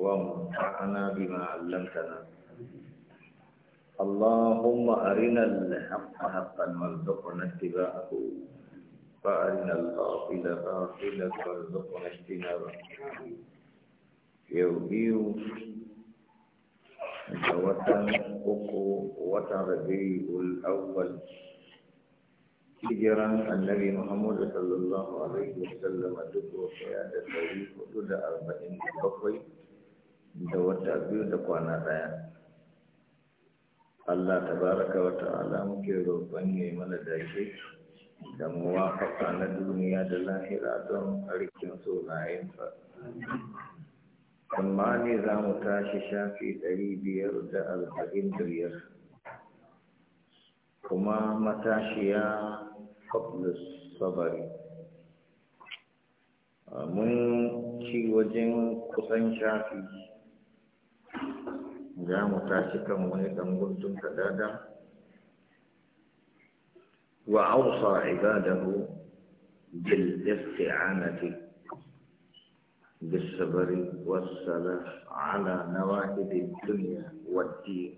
وانفعنا بما علمتنا اللهم أرنا الحق حقا وارزقنا اتباعه وأرنا الباطل باطلا وارزقنا اجتنابه يوم da watan uku watan rabi'ul awwal annabi Muhammad sallallahu alaihi wasallam duk wata da dari hudu da arba'in da bakwai da wata biyu da kwana ɗaya Allah ta baraka wa ta'ala muke roƙon ne mana dace da muwafaka na duniya da lahira don rikin sunayensa amma ne za mu tashi shafi ɗari biyar da arba'in biyar kuma matashiya kwablus sabari mun ci wajen kusan shafi za mu tashi kan wani ɗan guntun kadada wa ausa ibadahu bil isti'anati بالصبر والصلاة على نواحي الدنيا والدين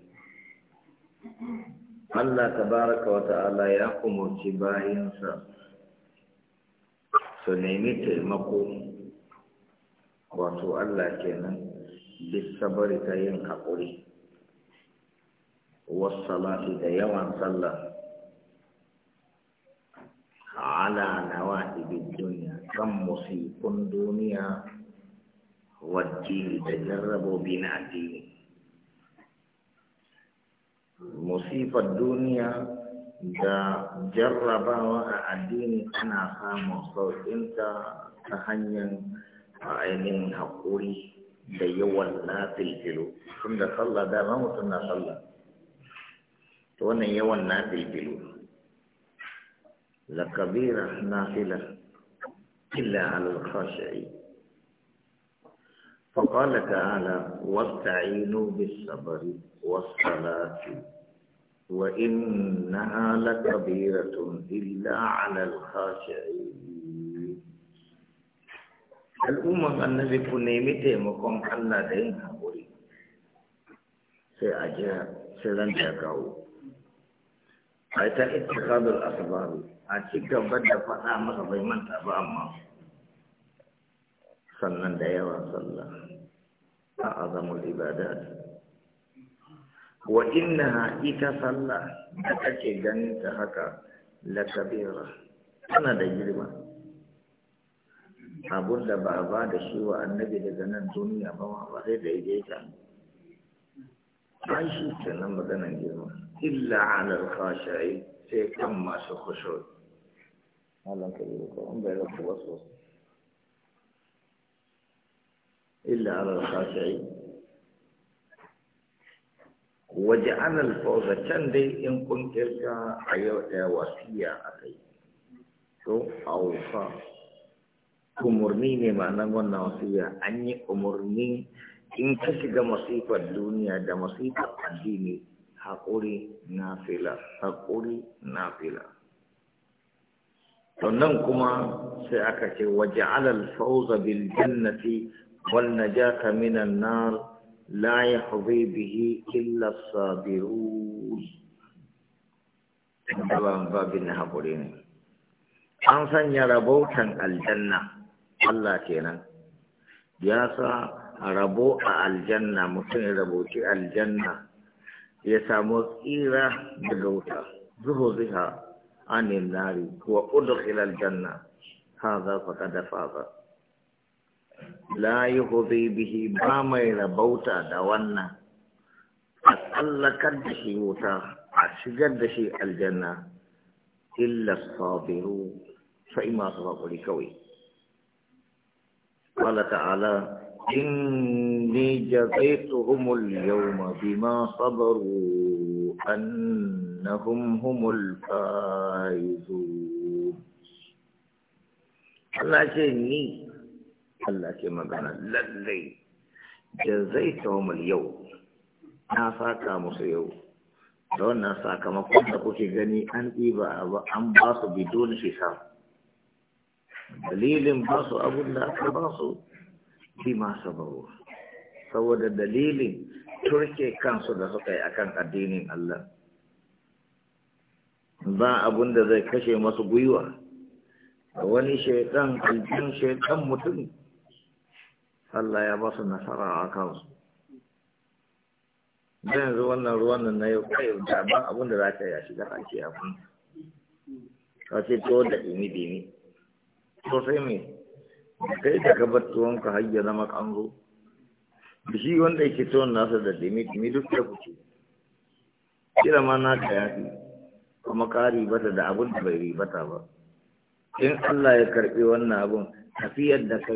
الله تبارك وتعالى يقوم ارتباعين سنيمي المقوم وسؤال الله كينا للصبر تاين حقوري والصلاة ديوان صلى على نواحي الدنيا كم في دنيا والدين تجربوا بنا دين مصيفة الدنيا جربا الدين أنا خامو صوت انت تهنيا علم حقوري دیوال ناتل کلو سند خلا دامو سند خلا تو نیوال ناتل کلو لکبیر إلا على الخاشعين فقال تعالى واستعينوا بالصبر والصلاة وإنها لكبيرة إلا على الخاشعين al'umman annabi ku nemi taimakon Allah da yin haƙuri sai a jira sai ran ta kawo a ta ittikadul asbaru a ci gaba da faɗa masa bai manta ba amma sannan da yawa sallah a azamul ibadat wa innaha ita sallah da ake ganin ta haka la kabira tana da girma abun da ba ba da shi wa annabi daga nan duniya ba ma ba sai da ya ta an shi kenan maganan girma illa ala al sai kan masu kusho. Allah ka yi ko an bai rabu wasu illa ala al Waje waja'ala fauza can dai in kun kirka a yau da wasiya akai to awfa umarni ne ma'anar wannan wasiya an yi umarni in ka shiga masifar duniya da masifar addini haƙuri na fila haƙuri na fila sannan kuma sai aka ce waje alal fauza bil jannati wal najata minan nar la yahzi bihi illa sabirun an sanya rabautan aljanna Allah kenan ya sa rabo a aljanna mutum ya raboci aljanna ya samu tsira daga wuta zuhu ziha anin nari wa udkhil aljanna hadha faqad faza la yuhdi bihi ba mai rabauta da wannan a tsallakar da shi wuta a shigar da shi aljanna illa sabiru sai masu haƙuri kawai قال تعالى إني جزيتهم اليوم بما صبروا أنهم هم الفائزون الله جني الله كما قال للي جزيتهم اليوم ناسا كامو لو ناسا كما قلت بكي جني أنت بأبا أنباس بدون حساب dalilin ba su abin da aka ba su bi masu baro saboda dalilin turke kansu da suka yi a kan addinin Allah ba abin da zai kashe masu gwiwa da wani shekan aljin shekan mutum Allah ya ba su nasara a kansu zai yanzu wannan ruwan nan na yau kai da ba abin da za ka yi a ake abin ka to da imi dimi Sosai mai me kai da ka bar tuwonka har zama kanzo da wanda yake tuwon nasa da dimi duk da kuke kira ma na ka yafi kuma ka ribata da abin da bai ribata ba in Allah ya karbi wannan abun tafiyar da ka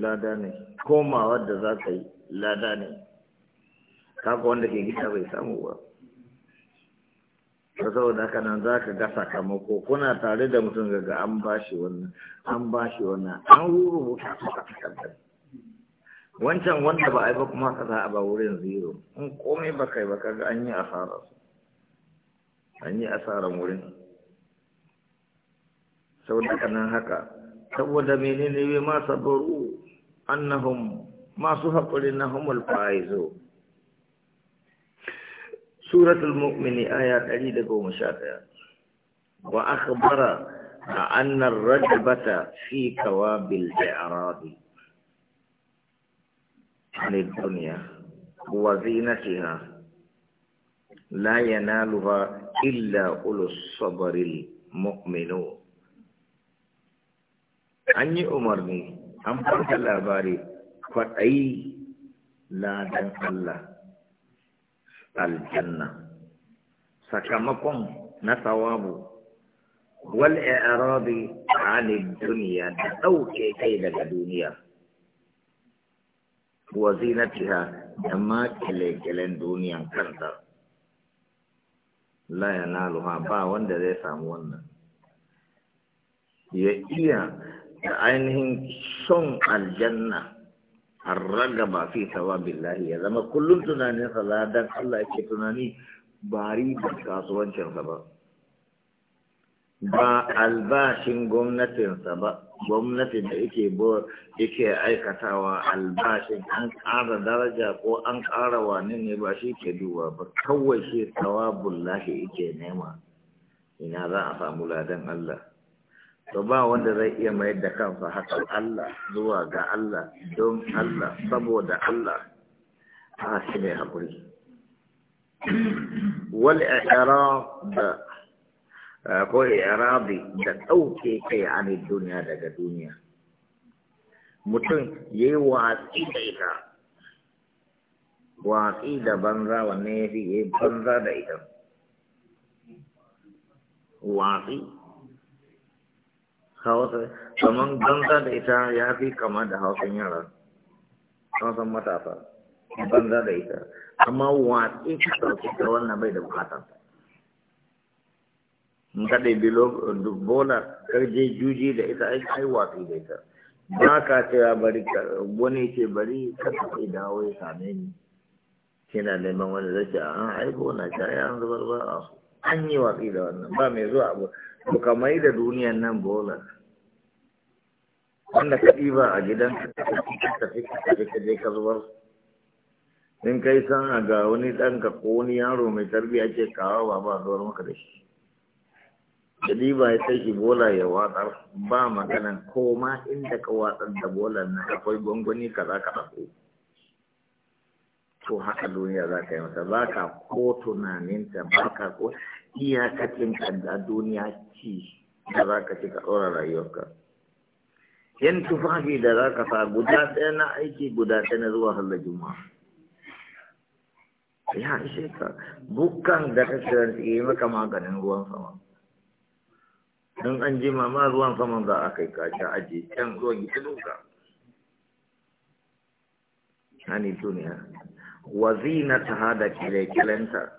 lada ne komawar da za ka yi lada ne kaga wanda ke gida bai samu ba ta saboda haka nan za ka ga sakamako kuna tare da mutum ga an bashi wannan an bashi wannan an wuta su a takardar wancan wanda ba a yi ba kuma ka za a ba wurin zero in komai ba kai ba ka ga an yi asarar an yi asarar wurin saboda haka nan haka saboda menene ne ma sabaru annahum masu haƙuri na humul fa'izo سورة المؤمن آية قليلة ومشاهدة وأخبر أن الرجبة في كواب الإعراض عن الدنيا وزينتها لا ينالها إلا أولو الصبر المؤمنون أني yi umarni an الأباري فأي لا ladan Allah aljanna sakamakon na sawabu wal i'radi 'ani duniya da dauke kai daga duniya wa zinatiha da ma kile duniya kanta la yanaluha ba wanda zai samu wannan ya iya da ainihin son aljanna harraga في ثواب الله ya zama kullum tunanin صلاة Allah Allah ke tunani bari da kasuwancinsa ba Ba albashin gwamnatinsa ba gwamnatin da yake yake aikatawa albashin an ƙara daraja ko an ƙara wani ne ba shi ke duwa ba kawai shi tawabun lahi yake nema ina za a samu ladan Allah to ba wanda zai iya mayar da kansa haka Allah zuwa ga Allah don Allah saboda Allah a ah, shi ne haƙuri wal da eh, ko i'rabi da ɗauke kai a ne duniya daga duniya mutum ya yi watsi da ita watsi da banza wanne yafi yi banza da ita watsi hausa kaman banza da ita ya fi kama da hausan yara hausan matasa banza da ita amma watsi ta sauki ta wannan bai da bukatar in ka ɗaibi bola kar je juji da ita ai watsi da ita ba ka cewa bari wani ce bari ka tafi dawo ya same ni kina neman wani zai ce a an aiko na shaya an zubar ba a an yi watsi da wannan ba mai zuwa abu ka mai da duniyan nan bola wanda ka ɗiba a gidan tafi ka je zubar in kai san ga wani ka, ko wani yaro mai tarbiyya ke kawo ba ba zuwar maka da shi da ɗiba ya sai shi bola ya watsar ba maganan koma inda ka watsar da bola na akwai gwangwani za ka ɗauko to haka duniya za ka yi masa ba ka ko tunaninta ba ka ko iyakacin a duniya ci da za ka ci ka ɗora rayuwarka yan tufafi da za ka sa guda ɗaya na aiki guda ɗaya na zuwa hallar juma'a ya ishe ka bukkan da ka shirin yi maka maganin ruwan sama don an ji mama ruwan saman za a kai kashi aji can ruwan yi duka hani duniya wazina ta hada kile-kilenta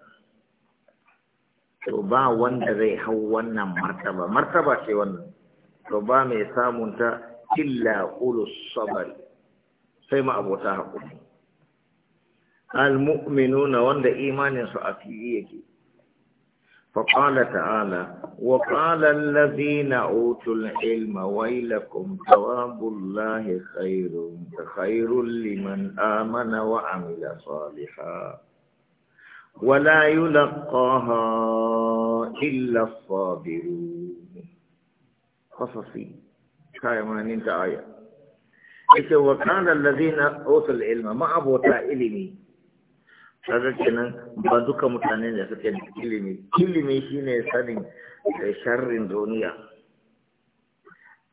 to ba wanda zai hau wannan martaba martaba ce wannan to ba mai samun ta illa ulus sabari sai ma abota hakuri al mu'minuna wanda imanin su a fili yake fa qala ta'ala wa qala allazina utul ilma waylakum thawabullahi khairun khairul liman amana wa amila salihah ولا يلقاها إلا الصابرون قصصي كاي ما ننت آية إذا وكان الذين أوصل العلم ما أبو تائلني هذا كنا بدوك متنين يا سكين كلمي كلمي شين سنين شر دونيا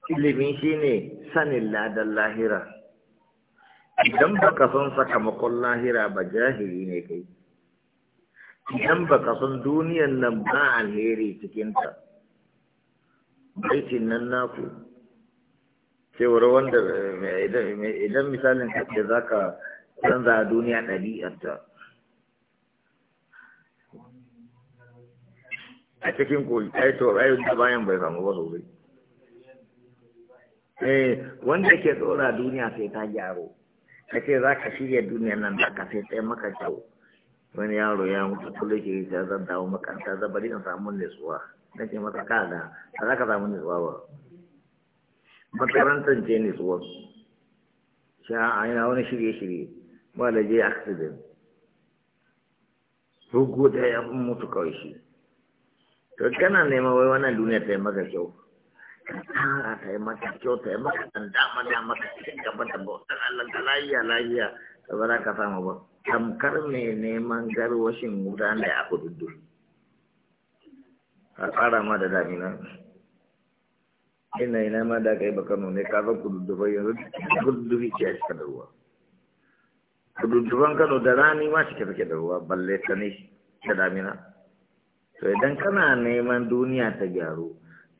كلمي شين سن الله اللهيرة إذا ما كفن سك مقول اللهيرة بجاهلين كي idan baka san duniyan nan ba alheri cikinta baitin nan naku cewar wanda idan misalin kake za ka canza a duniya ɗari'arta a cikin koyi aito da bayan bai samu ba sosai eh, wanda ke tsora duniya sai ta gyaro kace za ka shirya duniya nan da ka sai tsaye maka kyau wani yaro ya mutu kullum ke ta zan dawo makanta zan bari in samu nutsuwa nake masa kada ba za ka samu nutsuwa ba makarantar ce nutsuwa shi a aina wani shirye-shirye ba da je accident rugu da ya mutu kawai shi to kana nema wai wannan duniya ta yi maka kyau kara ta yi maka kyau ta yi maka dama dama ta cikin gaba da bautar Allah ta lahiya lahiya ta ba za ka samu ba tamkar mai neman garwashin wuta da ya kududdu a tsara ma da damina ina ina ma da kai baka nune ka zo kududdu ba yanzu kududdu ce a cika da ruwa kududduban kano da rani ma cike take da ruwa balle ta ne da damina to idan kana neman duniya ta gyaru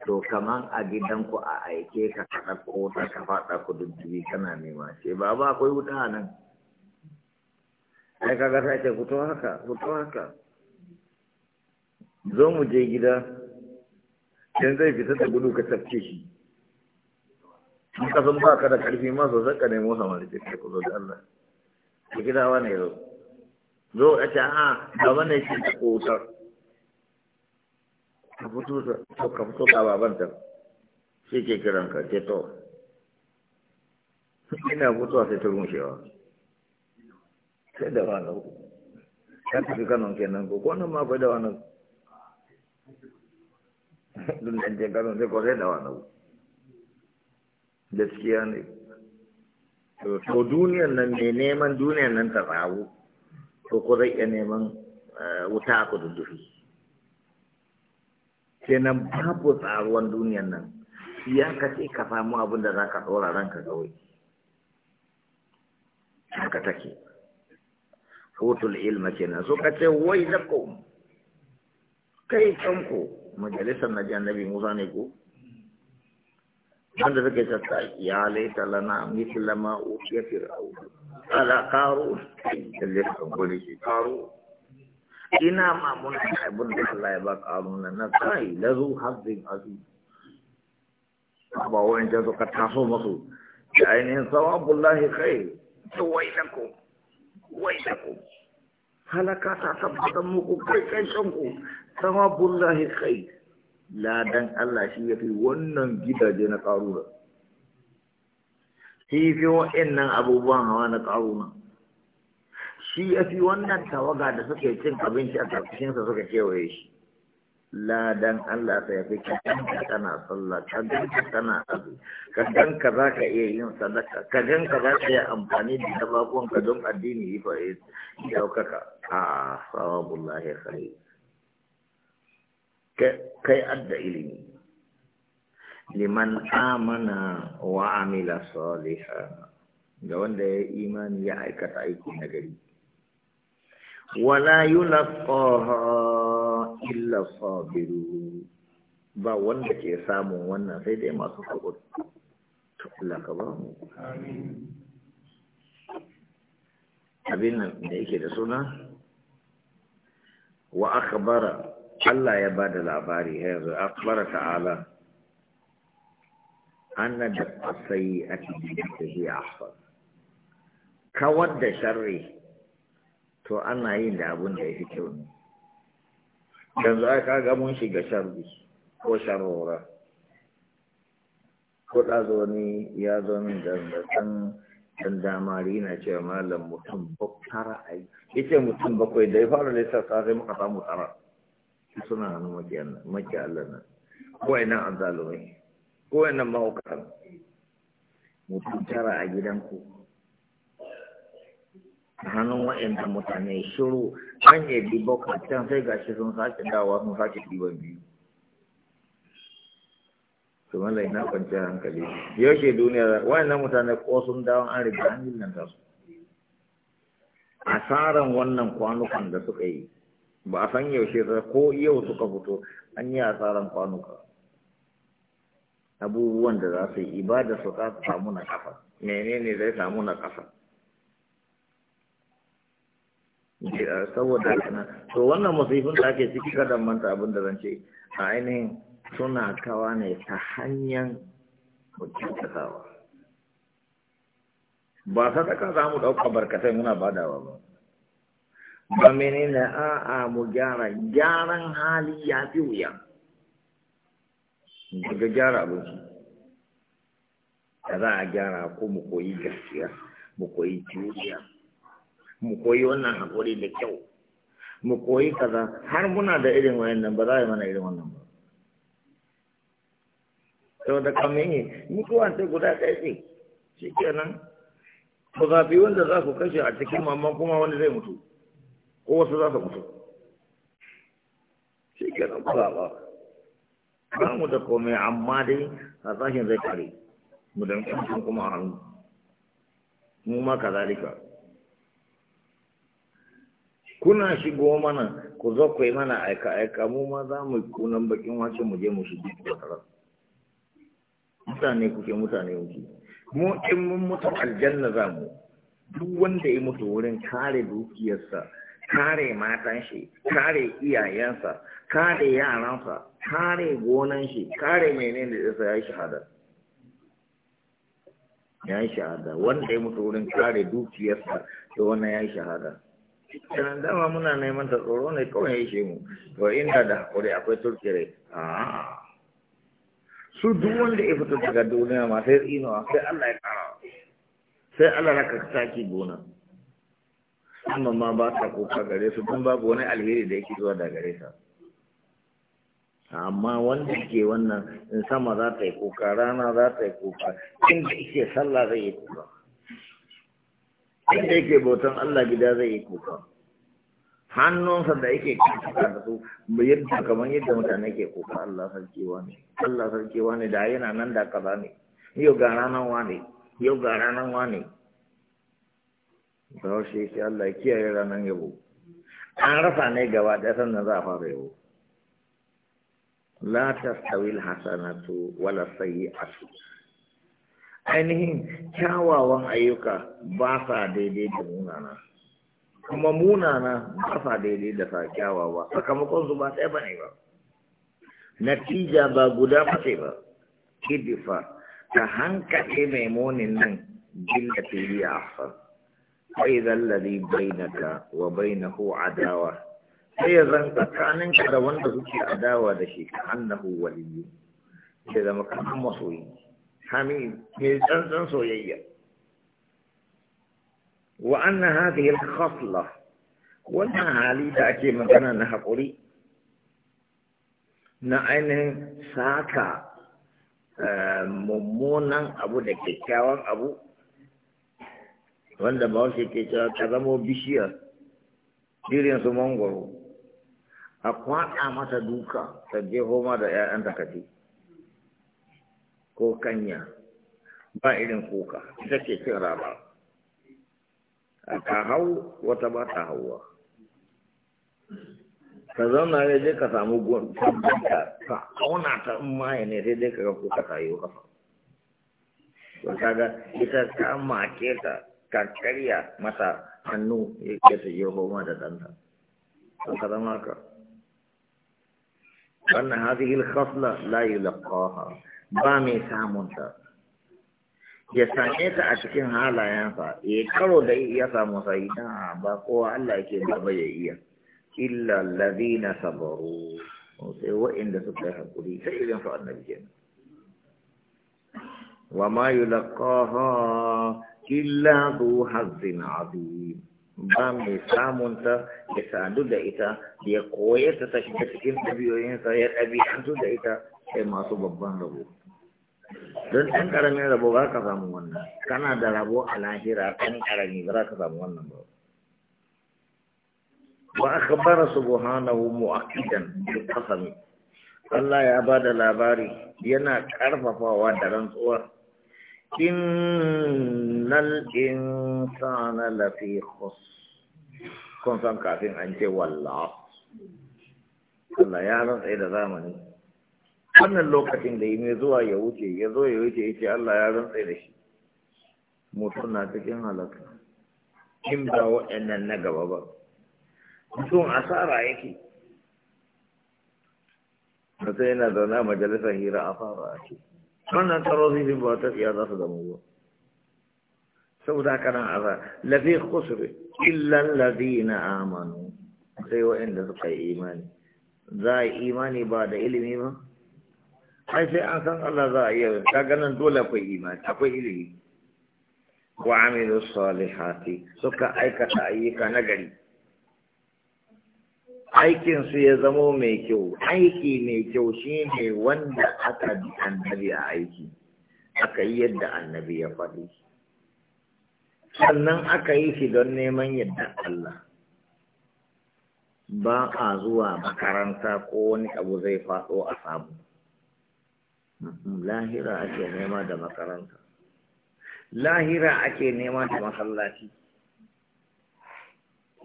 to kaman a gidanku a aike ka kaɗa ɗauko ta ka faɗa kududdubi kana nema ce ba ba akwai wuta nan ai kaga sai ce fito haka fito haka zo mu je gida kin zai fita da gudu ka tafke shi in ka san ka da karfi ma so zaka nemo sa da ce ko zo da Allah ki gida wani zo zo a ce a gaba ne shi ta kota ka fito ta ka fito ka baban ta shi ke kiran ka ce to ina fitowa sai ta rumushewa sai da wani uku ya tafi kanon kenan ko kwanan ma bai da wani dun da je kanon sai ko sai da wani uku gaskiya ne to duniyar nan mai neman duniyar nan ta tsawo to ko zai iya neman eh, wuta a kududdufi kenan babu tsaruwan duniyar nan ya ka ce ka samu abin da za ka tsora ranka kawai haka take hutul ilma kenan suka ce wai ko kai kanku majalisar na nabi Musa ne ko wanda suke sassa ya laita lana mithla ma ukiya fir'aun ala qarun lalle kan gole shi qaru ina ma mun abun da Allah ya ba qarun na kai lazu hazzin azu ba wani da ka taso masu da ainihin sawabullahi khair ko. wai da ku halaka ta tabbatar muku kai kai Sama bullahi kai ladan Allah shi ya fi wannan gidaje na ƙaruna shi fi wa'annan abubuwan hawa na ƙaruna shi ya fi wannan tawaga da suke cin abinci a ƙarƙashinsa suka kewaye shi ladan Allah ta yafi ka ganka kana sallah ka ganka kana azu ka za ka iya yin sadaka ka za ka iya amfani da tabakon ka don addini yi fa eh, ya daukaka a sawabullahi khair kai adda ilimi liman amana wa amila salihan ga wanda ya imani ya aikata aiki na gari. wala yulaqaha illa sabiru ba wanda ke samun wannan sai dai masu haƙuri Allah ka ba mu abin nan da yake da suna wa akhbara Allah ya ba da labari yanzu akbara ta'ala anna da sai a cikin kawar da sharri to ana yin da abun da yake kyau ne yanzu aka ga mun shiga sharbi ko sharora ko ɗazo ne ya zo min dandatan dan damari na cewa malam mutum bakwara a yi Ita ce mutum bakwai da ya fara lissafta sai muka samu tara suna hannun maki Allah nan ko ina an zalumai ko ina mahaukatan mutum tara a gidanku hannun waɗanda mutane shiru an yi dibo kacin sai ga shi sun sake dawa sun sake diban biyu su mala ina kwanciyar hankali yaushe duniya wa'annan mutane ko sun dawo an riga an yi nan su asaran wannan kwanukan da suka yi ba a san yaushe ta ko yau suka fito an yi asaran kwanuka abubuwan da za su yi ibada su ta samu na kafa menene zai samu na kafa saboda kana to wannan musifin da ake ciki kada manta abin da zan ce a ainihin suna kawa ne ta hanyar mutuntakawa ba sadaka za mu ɗauka barkatai muna badawa ba ba a a'a mu gyara gyaran hali ya fi wuya daga gyara abinci za a gyara ko mu koyi gaskiya mu koyi juriya mu koyi wannan haƙuri da kyau mu koyi kaza har muna da irin nan ba za a yi mana irin wannan ba sau da yi mutuwa sai guda ɗaya ce shi kenan ku zafi wanda za ku kashe a cikin mamman kuma wani zai mutu ko wasu za su mutu shi kenan ku zaɓa ba mu da komai amma dai a sashen zai kare mu da kuma a hannu mu ma kazalika kuna shigo mana ku zo ku yi mana aika aika mu ma za mu kunan bakin wace mu je mu shige tsaron mutane kuke mutane kuke mu in mun mutu aljanna za mu duk wanda ya mutu wurin kare dukiyarsa kare matan shi kare iyayensa kare yaransa kare gonan shi kare menene da ya shahada ya yi shahada wanda ya mutu wurin kare dukiyarsa to wannan ya yi shahada kenan dama muna neman ta tsoro ne kawai ya ishe mu to inda da Kau akwai turkire kiri. su duk wanda ya fito daga duniya ma sai tsinuwa sai Allah ya kara sai Allah ya ka saki gona amma ma ba ta kuka gare su don babu wani alheri da yake zuwa da gare sa amma wanda ke wannan in sama za ta yi kuka rana za ta yi kuka da ike sallah zai yi kuka inda yake bautan Allah gida zai yi kuka hannunsa da yake kuka da su yadda kamar yadda mutane ke kuka Allah Sarki ne Allah sarkewa ne da yana nan da kaza ne yau ga ranar wane yau ga ranar wane ba shi yake Allah kiyaye ranar yabo an rasa ne gaba ɗaya sannan za a fara yabo la tastawil hasanatu wala sayyi'atu ainihin kyawawan ayyuka ba sa daidai da munana kuma munana ba sa daidai da sa kyawawa sakamakon su ba ɗaya ba ba natija ba guda ba ba kidifa ta hankali mai munin nan da fili a afar kai zallari bainaka wa bainahu adawa sai ya zan ka da wanda suke adawa da shi ka annahu waliyu sai zama kamar masoyi حميم في أنسان سويا وأن هذه الخصلة ake magana na مكانا نحقري نعين ساكا ممونا abu da kyakkyawan abu wanda ba shi ke cewa ta zama bishiya jirin su mangoro a kwaɗa mata duka ta jeho da 'ya'yan takati ko kanya ba irin kuka ita ce cin raba a ka hau wata ba ta hauwa ka zauna ne je ka samu gwamnatin ka auna ta in maye ne sai dai ka ga kuka ta yi kafa ka ga ita ka make ta ka karya mata hannu ya ke ta yi da ɗanta ka zama ka wannan hadhihi khasla la yulqaha ba mai samunta ya same ta a cikin halayensa ya karo da iya samu sai na ba kowa Allah yake da ya iya illa alladhina sabaru sai wa'inda suka hakuri sai idan fa annabi kenan wa ma yulqaha illa zu hazzin azim ba mai samunta ya sadu da ita ya koyarta ta shiga cikin ɗabi'oyinsa ya ɗabi'antu da ita kai masu babban rabo don ɗan ƙaramin rabo ba ka samu wannan kana da rabo a lahira ɗan ƙarami ba za ka samu wannan ba wa mu subhanahu mu'akkidan bil qasam Allah ya ba da labari yana karfafawa da rantsuwar innal insana lafi khus kun san kafin an ce wallah Allah ya rantsa da zamani wannan lokacin da yi mai zuwa ya wuce ya zo ya wuce ya ce Allah ya rantsa da shi mutum na cikin halaka in ba waɗannan na gaba ba mutum asara yake mutum yana zaune a majalisar hira a fara a ce wannan tsaro zai ba ta tsiya za su zama ba saboda haka nan a lafi khusri illan na amanu sai waɗanda suka yi imani za a imani ba da ilimi ba ai sai an san Allah za a iya ka ganin dole akwai imani akwai ilimi wa amilu salihati suka aikata ayyuka na gari aikin su ya zamo mai kyau aiki mai kyau shine wanda aka bi annabi a aiki aka yi yadda annabi ya faɗi sannan aka yi shi don neman yadda Allah ba a zuwa makaranta ko wani abu zai faɗo a samu lahira ake nema da makaranta lahira ake nema da masallaci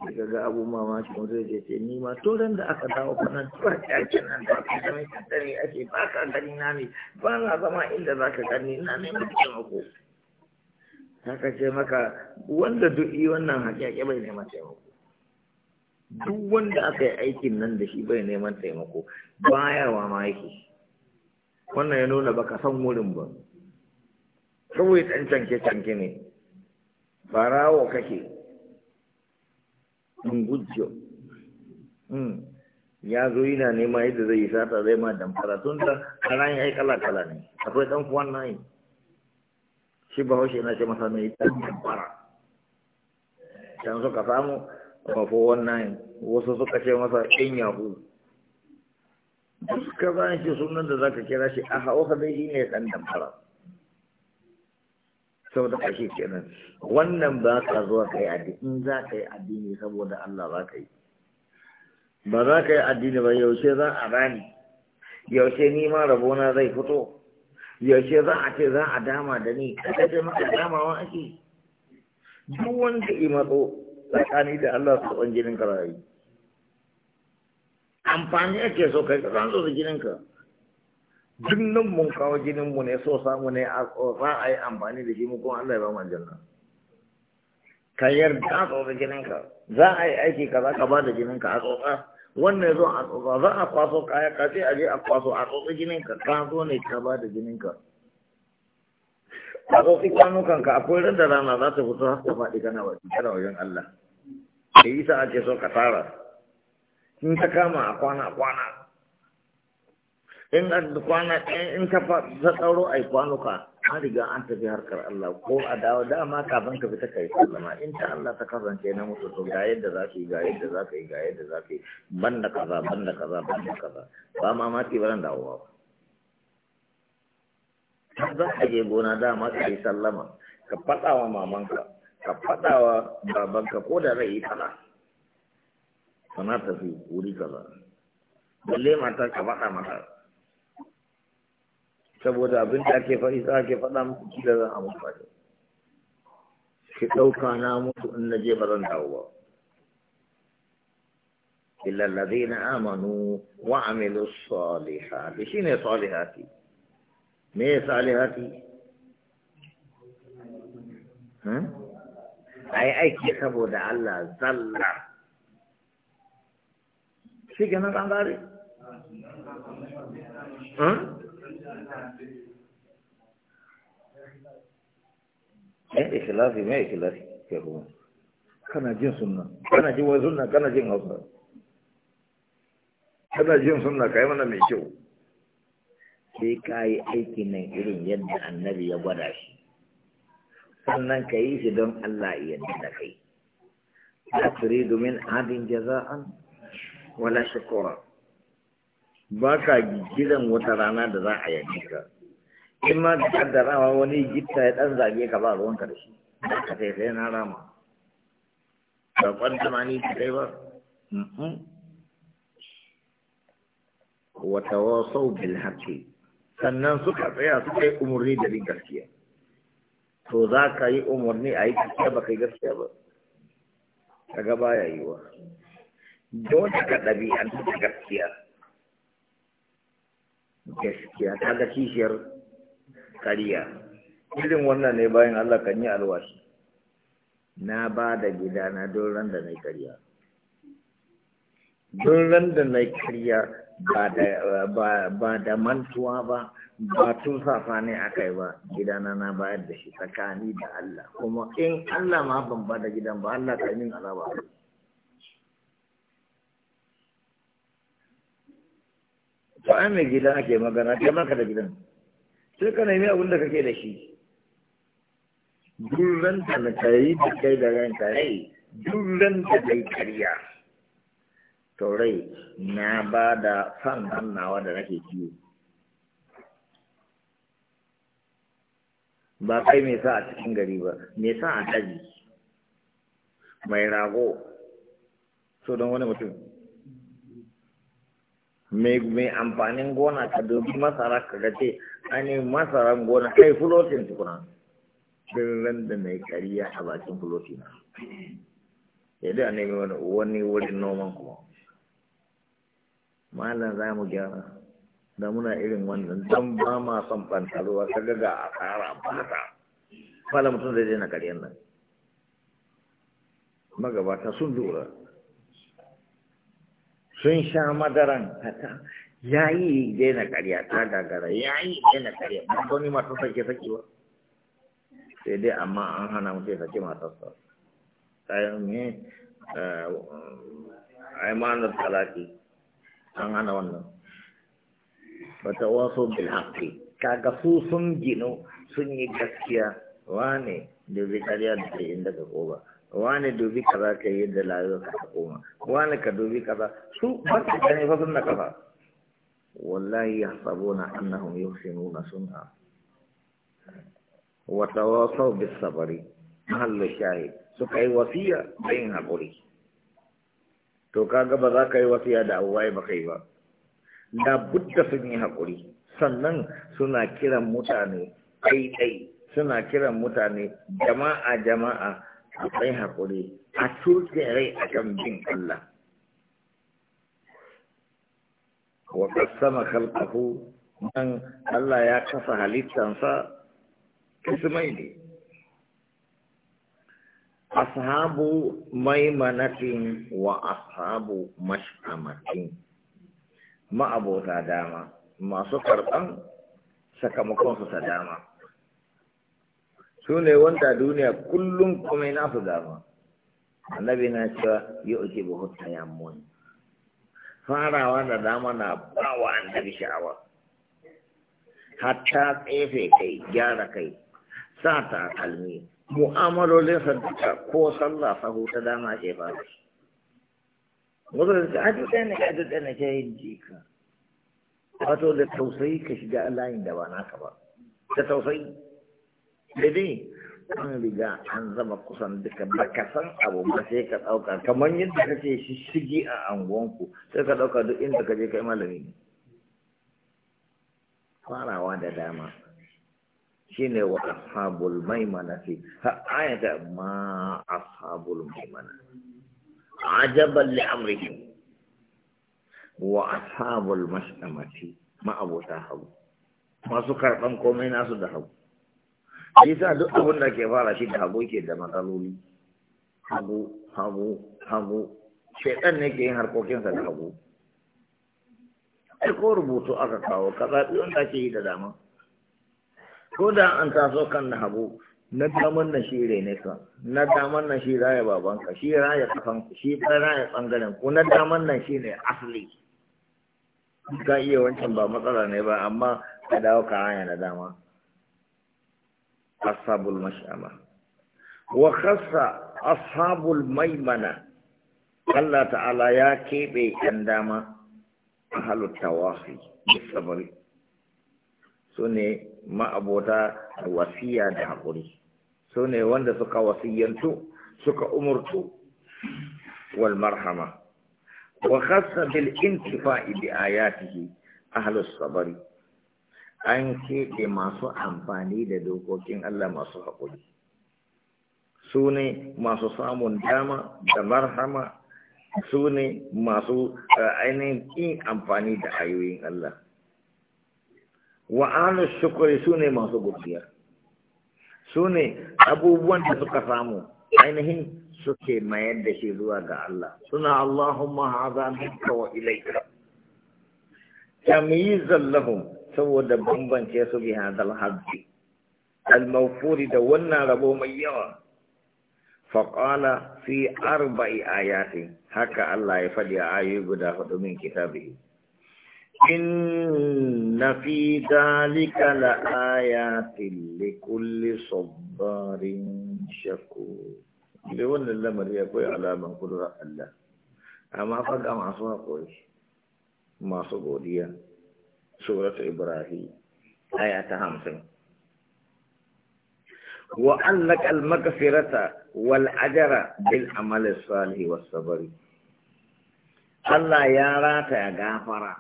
daga ga abu mamaki wanda zai ce ni ma to ran da aka dawo kwanan tuwa ce nan da aka zama kaddare ake ba ka gani na ne ba na zama inda za ka gani na neman taimako haka ce maka wanda duk yi wannan hakiki bai neman taimako duk wanda aka yi aikin nan da shi bai neman taimako bayarwa ma yake wannan ya nuna baka san wurin ba kawai ɗan canke-canke ne rawo kake in gujjo hmm. ya zo yana nema yadda zai yi sata zai ma damfara tun da kalan ya yi kala-kala ne akwai ɗan kuwan na yi shi ba haushe na ce masa mai ɗan damfara can suka samu mafowar na yi wasu suka ce masa ɗin yahoo duk ka a shi sunan da zaka kira shi a hawa ka zai ne dan damfara saboda kashe kenan wannan ba ka zuwa kai addini in za ka yi addini saboda Allah za ka yi ba za ka yi addini ba yaushe za a rani yaushe ni ma rabona zai fito yaushe za a ce za a dama da ni kada ce maka wa ake duk wanda i matso tsakani da Allah su jinin karayi amfani ake so kai kasan so da jininka duk nan mun kawo jinin mu ne so samu ne a tsotsa a yi amfani da shi mu kuma Allah ya ba mu aljanna ka yarda so ginin jininka za a yi aiki kaza ka ba da jininka a tsotsa wannan ya zo a tsotsa za a kwaso kaya ka ce a je a kwaso a tsotsa jininka ka zo ne ka ba da jininka a tsotsi ka akwai ran da rana za ta fito har ta faɗi kana wajen Allah Ka yi sa ake so ka tara in ta kama a kwana kwana in a kwana in ta tsauro a kwanuka an riga an tafi harkar Allah ko a dawo dama kafin ka fita kai sallama in ta Allah ta kasance na mutu to ga yadda za ka yi ga yadda za ka yi ga yadda za ka yi banda kaza banda kaza banda kaza ba mamaki ba nan dawowa ba za a je gona dama ka yi sallama ka faɗa wa mamanka ka faɗa wa babanka ko da rai, yi sana tafi wuri kaza balle mata ka faɗa mata saboda abin da ake faɗi za ke faɗa muku kila zan amfani ki ɗauka na mutu in na je ba zan dawo ba illa allazina amanu wa amilu salihati shine salihati me salihati hmm? ai aiki saboda Allah zalla Eh, kana jin sunna kana jin sunna kana jin hausa kana jin sunna kai mana mai kyau sai ka yi aikin nan irin yadda annabi ya gwada shi sannan ka yi shi don Allah ya na kai la domin hadin ahadin wala shukura ba ka gidan wata rana da za a yabe ka in ma da kaddarawa wani gita ya dan zage ka ba ruwanka da shi ka sai sai na rama ba kwan ni da kai ba wata wasau bil haqqi sannan suka tsaya suka yi umarni da bin gaskiya to za ka yi umarni a yi gaskiya ba yi gaskiya ba kaga baya yiwa dole ka ɗabi'antu ta gaskiya gaskiya ta ga kishiyar kariya irin wannan ne bayan Allah kan yi alwashi na ba da gidana don ran da na yi kariya don ran da na yi kariya ba da mantuwa ba ba tun safa ne aka yi ba gidana na bayar da shi tsakani da Allah kuma in Allah ma ban ba da gidan ba Allah kan alawa alaba ba ai mai gida ake magana ta maka da gidan sai ka nemi abin da kake da shi duran ta na tare da kai da ranka rai duran ta kai karya to rai na ba da fan hannawa da nake kiwo ba kai mai sa a cikin gari ba mai sa a daji mai rago so don wani mutum mai amfanin gona ka dubi masara ka gace ainihin masaran gona kai fulotin tukuna birnin da mai kariya a bakin fulotin yadda a nemi wani wurin noman kuma malam za mu gyara da muna irin wannan don ba ma son bantarwa ka ga a tsara ba ta mutum zai daina karyar nan magabata sun lura sun sha madaran kata ya yi daina karya ta gagara ya yi daina karya ba wani matar sake ba. sai dai amma an hana mutum sake matarsa kayan ne eh, aimanar talaki an hana wannan bata waso bilhafi. haqqi kaga su sun gino sun yi gaskiya wane da zai karya da ke inda ka koba wani dubi kaza ka yi yadda lalata ka ta koma wani ka dubi kaza su ba su gane fa sunna kafa wallahi yahsabuna annahum sun sun'a wa tawasaw bis sabari, mahallu shahid suka yi wasiya da yin haƙuri to kaga ba za ka yi wasiya da abuwaye ba kai ba Da labudda sun yi haƙuri sannan suna kiran mutane kai kai suna kiran mutane jama'a jama'a akwai haƙuri a turke rai a kan bin Allah wa kasama khalqahu nan Allah ya kafa halittansa kismai ne ashabu maimanatin wa ashabu mash'amatin ma'abota dama masu karɓan sakamakonsu ta dama su ne wanda duniya kullum kuma na su dama annabi na cewa yi uke ba hutu ya muni farawa da dama na bawa annabi sha'awa hatta tsefe kai gyara kai sa takalmi mu'amalolin sadaka ko sallah sahu ta dama ce ba mutum da aji ɗaya ne aji ɗaya ne yin jika wato da tausayi ka shiga layin da ba naka ba da tausayi dai an riga an zama kusan duka baka san abu ba sai ka ɗauka kamar yadda kake shishigi a angonku sai ka ɗauka duk inda ka je kai malami farawa da dama shine wa ashabul maimana fi ayata ma ashabul maimana ajaban li amrihim wa ashabul mash'amati ma abota hagu masu karban komai nasu da hagu yasa duk abin da ke fara shi da ke da matsaloli hagu hagu hagu shaitan ne ke yin harkokinsa da hagu ai ko rubutu aka kawo ka zaɓi wanda ake yi da dama ko da an taso kan na hagu na daman na shi rene ka na daman na shi raya babanka shi raya kafan shi raya bangaren ko na daman na shi ne asali ka iya wancan ba matsala ne ba amma ka dawo ka hanya na dama أصحاب المشأمة وخص أصحاب الميمنة الله تعالى يا كيبي عندما أهل التواخي بالصبر سوني ما أبوتا وسيا دعقري سوني واند سكا وصيانتو سكا أمرتو والمرحمة وخص بالانتفاع بآياته أهل الصبر an keɓe masu amfani da dokokin Allah masu haƙuri su ne masu samun dama da marhama su ne masu eh, ainihin ƙin amfani da ayoyin Allah wa'anu shukuri su ne masu gudiya su ne abubuwan da suka samu ainihin suke mayar da shi zuwa ga Allah suna Allahumma haza minka wa ilaika tamyizan lahum saboda bambance su bi hadal haddi al mawfuri da wannan rabo mai yawa faqala fi arba'i ayatin haka Allah ya fadi a guda hudu min kitabi inna fi dhalika la ayatin li kulli sabarin shakur da wannan lamari akwai alama kudura Allah amma fa ga masu haƙuri masu godiya suratu ibrahim aya ta hamsin wa annaka al-maghfirata wal ajra bil amal salih was Allah ya rata ya gafara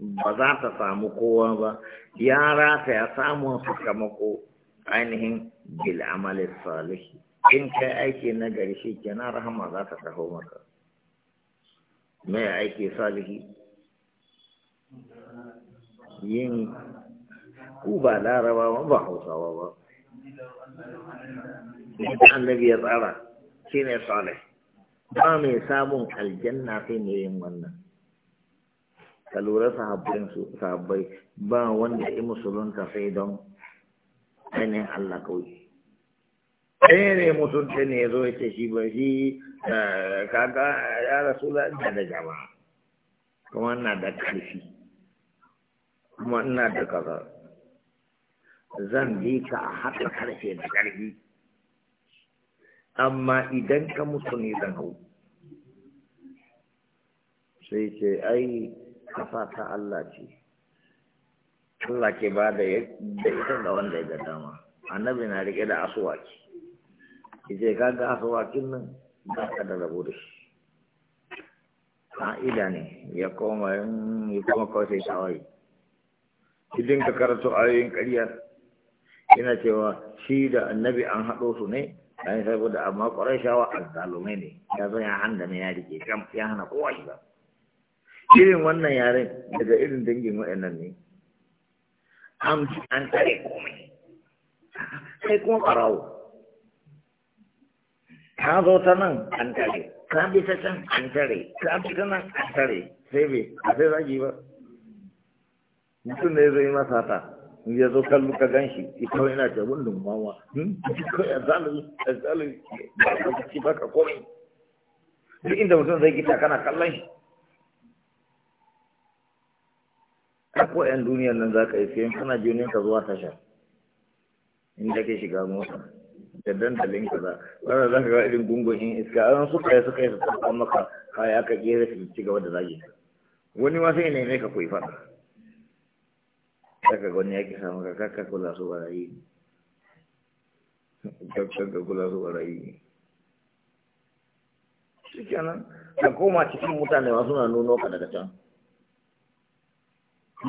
ba za ta samu kowa ba ya rata ya samu kamako ainihin bil salihi. salih in kai aiki na gari shi kenan rahama za ta taho maka mai aiki salihi yin ku ba larabawa ba hausawa ba da annabi ya tsara shi ne tsale ba mai samun aljanna sai mai yin wannan ka lura sahabbai ba wanda ya musulunta sai don ainihin Allah kawai ɗaya ne mutum ne zo ya ce shi ba shi eh, kaga ya rasu da jama'a kuma na da ƙarfi kuma ina da kaza zan bi ka a haɗa karfe da ƙarfi amma idan ka mutu ne da hau sai ce ai kafa ta Allah ce Allah ke ba da ita ga wanda ya dama annabi na rike da asuwaki ce kaga asuwakin nan ba ka da rabu da shi ka'ida ne ya koma ya kuma kawai sai shawari idan ka karatu ayoyin ƙarya Ina cewa shi da annabi an haɗo su ne yi saboda amma ƙwarai azzalumai ne ya zo ya handa ne ya rike kam ya hana kowa ba. irin wannan yaren daga irin dangin waɗannan ne an an tare komai kai kuma ƙarawo ka zo ta nan an tare ka bi ta can an tare ka bi ta nan an tare sai bai a sai zagi ba mutum ne zai masa ta ya zo kallo ka gan shi ita wani na ce wundun mawa hmm? ko ya zalimi ya zalimi ba ka ci ba ka duk inda mutum zai gita kana kallon shi ko yan duniyar nan za ka yi fiye kana jinin ka zuwa tasha inda ke shiga mota da dandalin ka za wanda za ka ga irin gungun in iska an suka yi suka yi su maka kaya ka gera ka ci gaba da zagi wani ma sai ne ne ka koyi saka wani ya kisa kaka kula su barayi kaka kula su barayi shi kenan ka koma cikin mutane masu na nuno ka daga can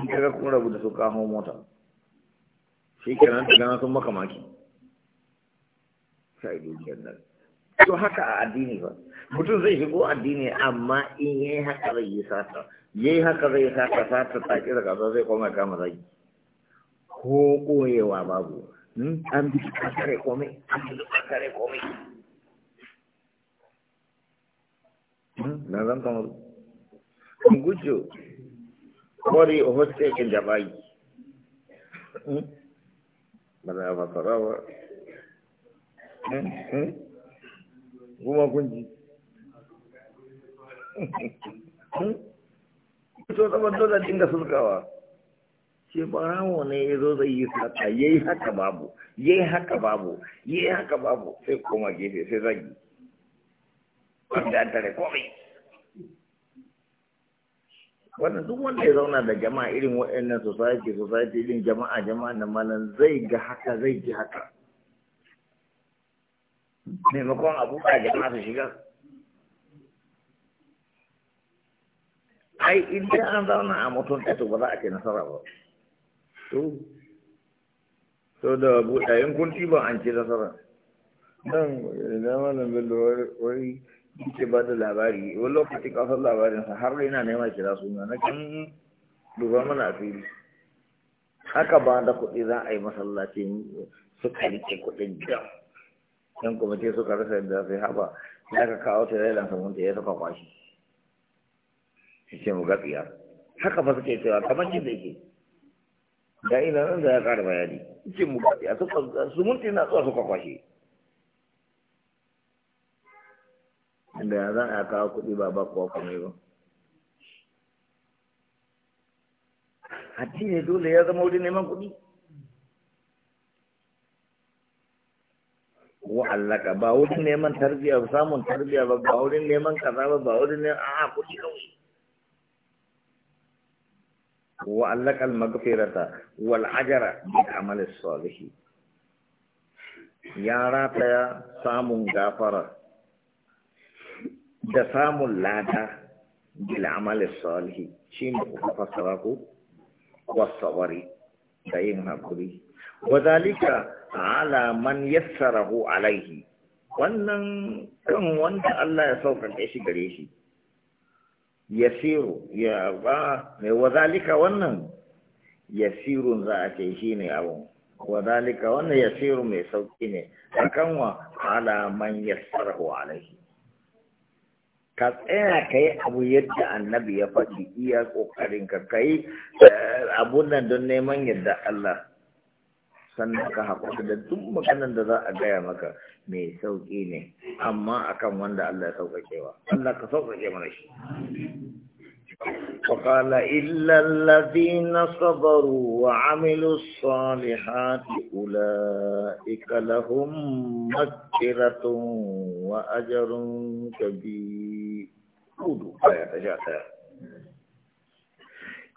in kaga kun rabu da su kawo mota shi kenan daga nan sun maka sai dukiyar nan to haka a addini ba mutum zai shigo addini amma in yayi haka zai yi sata yayi haka zai sata sata ta kira sata zai koma kama zagi ko koyewa babu an bi kare komai an bi kare komai hmm, na zan kamar gujo kwari a hoste kin jabayi hmm, ba za a fasara ba hmm, kuma kunji so saboda dole dinga sulkawa shi barawo ne ya zo zai yi sata ya yi haka babu ya yi haka babu ya yi haka babu sai koma gefe sai zagi wanda an tare komai wannan duk wanda ya zauna da jama'a irin waɗannan society society irin jama'a jama'a na malan zai ga haka zai ji haka maimakon abubuwa jama'a su shiga ai idan an zauna a mutunta to ba za a ce nasara ba to to da buɗayen kunti ba an ci nasara nan na malam bello wai yake ba da labari wani lokaci kasar labarinsa har yana nema kira suna na kan duba mana a fili haka ba da kuɗi za a yi masallaci suka rike kuɗin jam yan kwamiti suka rasa yadda sai haɓa ya ka kawo ta railan samunta ya saka kwashi shi ce mu gaskiya haka ba suke cewa kamar yadda yake da ina nan da ya ƙara bayani ce mu a su munti na zuwa su kwakwashe inda ya za a kawo kuɗi ba ba kuwa kuma ba hatti ne dole ya zama wurin neman kuɗi allaka ba wurin neman tarbiyya samun tarbiyya ba ba wurin neman kaza ba ba wurin neman a kuɗi kawai وعلق المغفرة والعجر بالعمل الصالح يا راتيا سامون غفرة da samun lada bil amali salihi shi ne kuka fassara ku wasawari da yin hakuri wazalika ala man yassarahu alaihi wannan kan wanda Allah ya sauƙaƙe shi gare shi yasiru ya ba mai wazalika wannan yasirun za a ce shi ne abu. wazalika wannan yasiru mai sauki ne a kan wa alaman yassarhu alaihi ka tsaya ka yi abu yadda annabi ya faɗi iya ƙoƙarin ka ka yi eh, abun nan don neman yadda Allah sannan ka haƙura da duk maganar da za a gaya maka mai sauƙi ne amma akan wanda Allah ya sauƙaƙewa Allah ka sauƙaƙe mana shi فقال إلا الذين صبروا وعملوا الصالحات أولئك لهم مغفرة وأجر كبير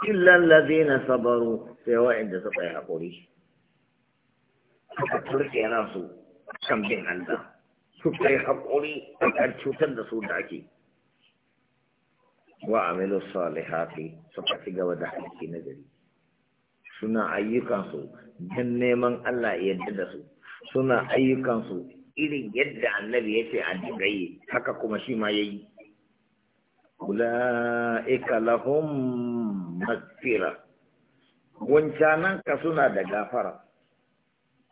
إلا الذين صبروا سواء إن تستطيع قولي suka su ransu kan bin Allah suka yi haƙuri a cutar da su da ake wa amilu salihati suka ci gaba da aiki na gari suna ayyukansu neman Allah ya yarda da su suna ayyukansu irin yadda annabi ya ce a dinga yi haka kuma shi ma ya yi ula'ika lahum magfira wancanan ka suna da gafara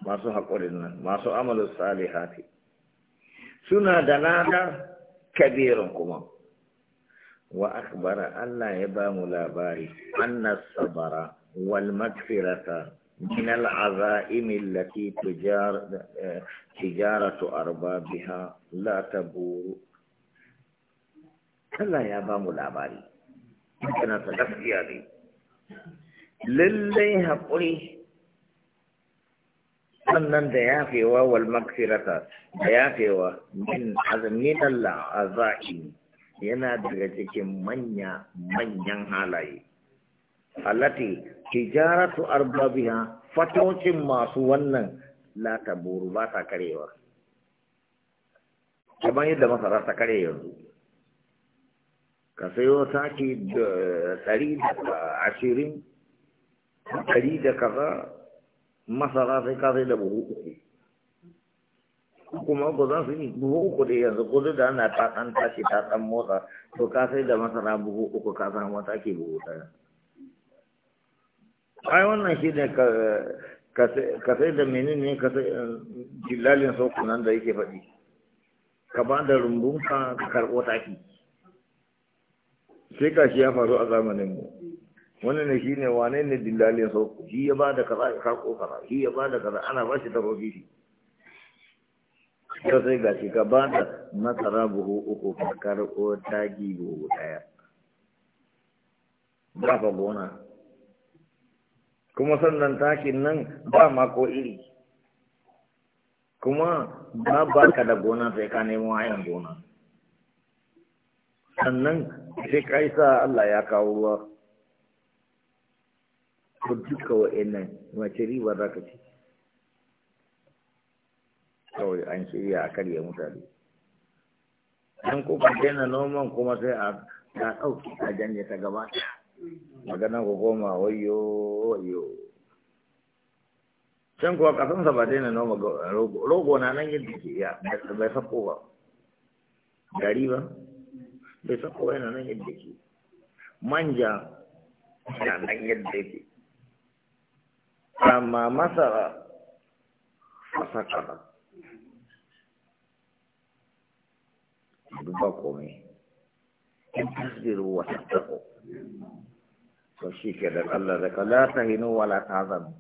masu haƙurin nan masu amalin salihati suna da lada kabirin kuma wa akbara Allah ya ba mu labari anna sabara wal magfirata min al azaim allati tujar tijaratu arbabiha la tabur Allah ya ba mu labari kana ta gaskiya ne lallai haƙuri sannan da yafewa wal magfirata da yafewa min azmin Allah azai yana daga cikin manya manyan halaye allati tijaratu arbabiha fatocin masu wannan la taburu ba ta karewa kamar yadda masara ta kare yanzu ka sayo taki da ɗari da ashirin ɗari da kaza masara sai ka sai da buhu uku kuma ko za su yi buhu uku da yanzu ko da ana ta ɗan tashi ta ɗan motsa to ka sai da masara buhu uku ka san wata ke buhu ɗaya ai wannan shi ne ka sai da menene ka sai jillalin saukunan da yake faɗi ka ba da rumbun ka karɓo taki sai ka shi ya faru a mu. wannan ne shine wane ne dillalin so shi ya ba da kaza ka ko kaza shi ya ba da kaza ana ba shi da rofi to sai ga shi ka ba da masara buhu uku ka karɓo tagi buhu daya ba fa gona kuma sannan takin nan ba ma ko iri kuma ba ba ka da gona sai ka nemo hayan gona sannan sai ka sa Allah ya kawo ruwa ko duka wa'annan wace riba za ka ci kawai an shirya a karya mutane an kuma daina noman kuma sai a ta ɗauki a janye ta gaba magana ku koma wayo wayo can kuwa kasansa ba daina noma rogo rogo na nan yadda ke ya bai sako ba gari ba bai sako yana nan yadda ke manja na nan yadda ke أما مصر فسقطت بقومي إن تصبروا وتتقوا فشيك الله ذكر لا تهنوا ولا تعظموا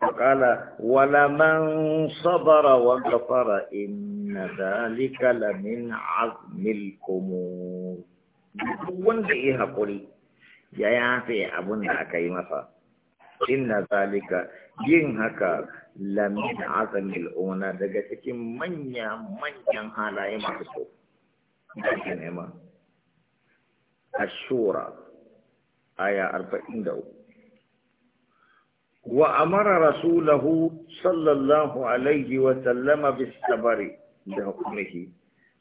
فقال ولمن صبر وغفر إن ذلك لمن عظم الأمور wanda ya haƙuri يا yafe ابونا da aka inna zalika yin haka lamin azamil ona daga cikin manya manyan halaye masu kyau da ke nema ashura aya arba'in da uku wa amara rasulahu sallallahu alaihi wa sallama bis sabari da hukumihi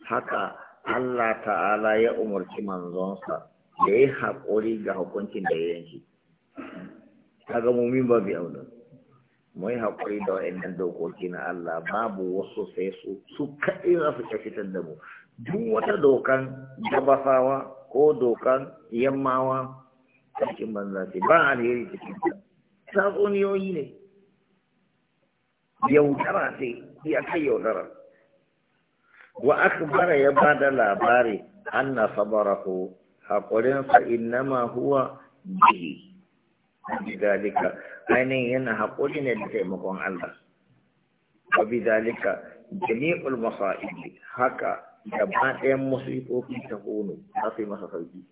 haka Allah ta'ala ya umarci manzonsa da ya haƙuri ga hukuncin da ya yanki kaga mu min babu aula mu yi da wa'annan dokoki na Allah babu wasu sai su su kaɗai za su fitar da mu duk wata dokan gabasawa ko dokan yammawa cikin banza ce ba alheri cikin ta tatsuniyoyi ne yaudara ce ya kai yaudara wa akbara ya ba da labari anna sabarahu hakurinsa innama huwa bihi bidalika ainihin yana haƙuri ne da taimakon Allah wa bidalika jami'ul masa'ibi haka gaba ɗayan ko ta kono za su yi masa sauki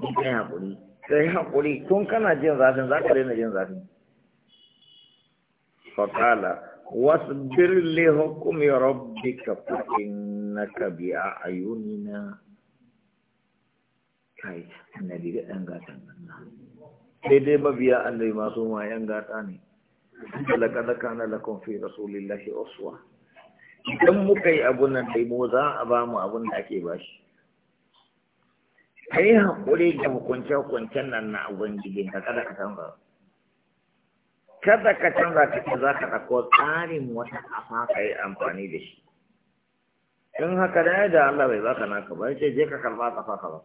duk ɗaya haƙuri sai haƙuri tun kana jin zafin za ka daina jin zafin fakala ka li na ka biya a yuni na kai na da ɗan gata Daidai dai mabiya annabi masu ma yan gata ne laqad kana lakum fi rasulillahi uswa idan muka yi abun nan dai mu za a ba mu abun da ake bashi kai hakuri da hukunce hukuncen nan na ubangijin ka kada ka canza kada ka canza ka za ka ɗauko tsarin wata afa ka yi amfani da shi in haka da ya da Allah bai baka naka ba sai je ka karɓa kafa ka ba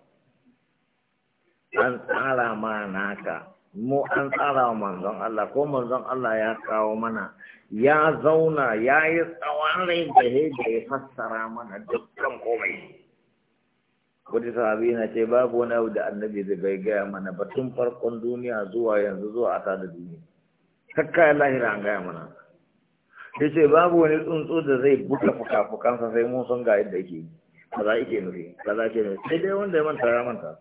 an tsara ma naka mu an tsara wa manzon Allah ko manzon Allah ya kawo mana ya zauna ya yi tsawon rai da da ya fassara mana dukkan komai Wani sahabi na ce babu wani abu da annabi zai bai gaya mana ba tun farkon duniya zuwa yanzu zuwa a tada duniya kakka ya lahira an gaya mana ya ce babu wani tsuntsu da zai buga fuka-fukansa sai mun sun ga yadda za a ike nufi a ke nufi sai dai wanda ya manta ya manta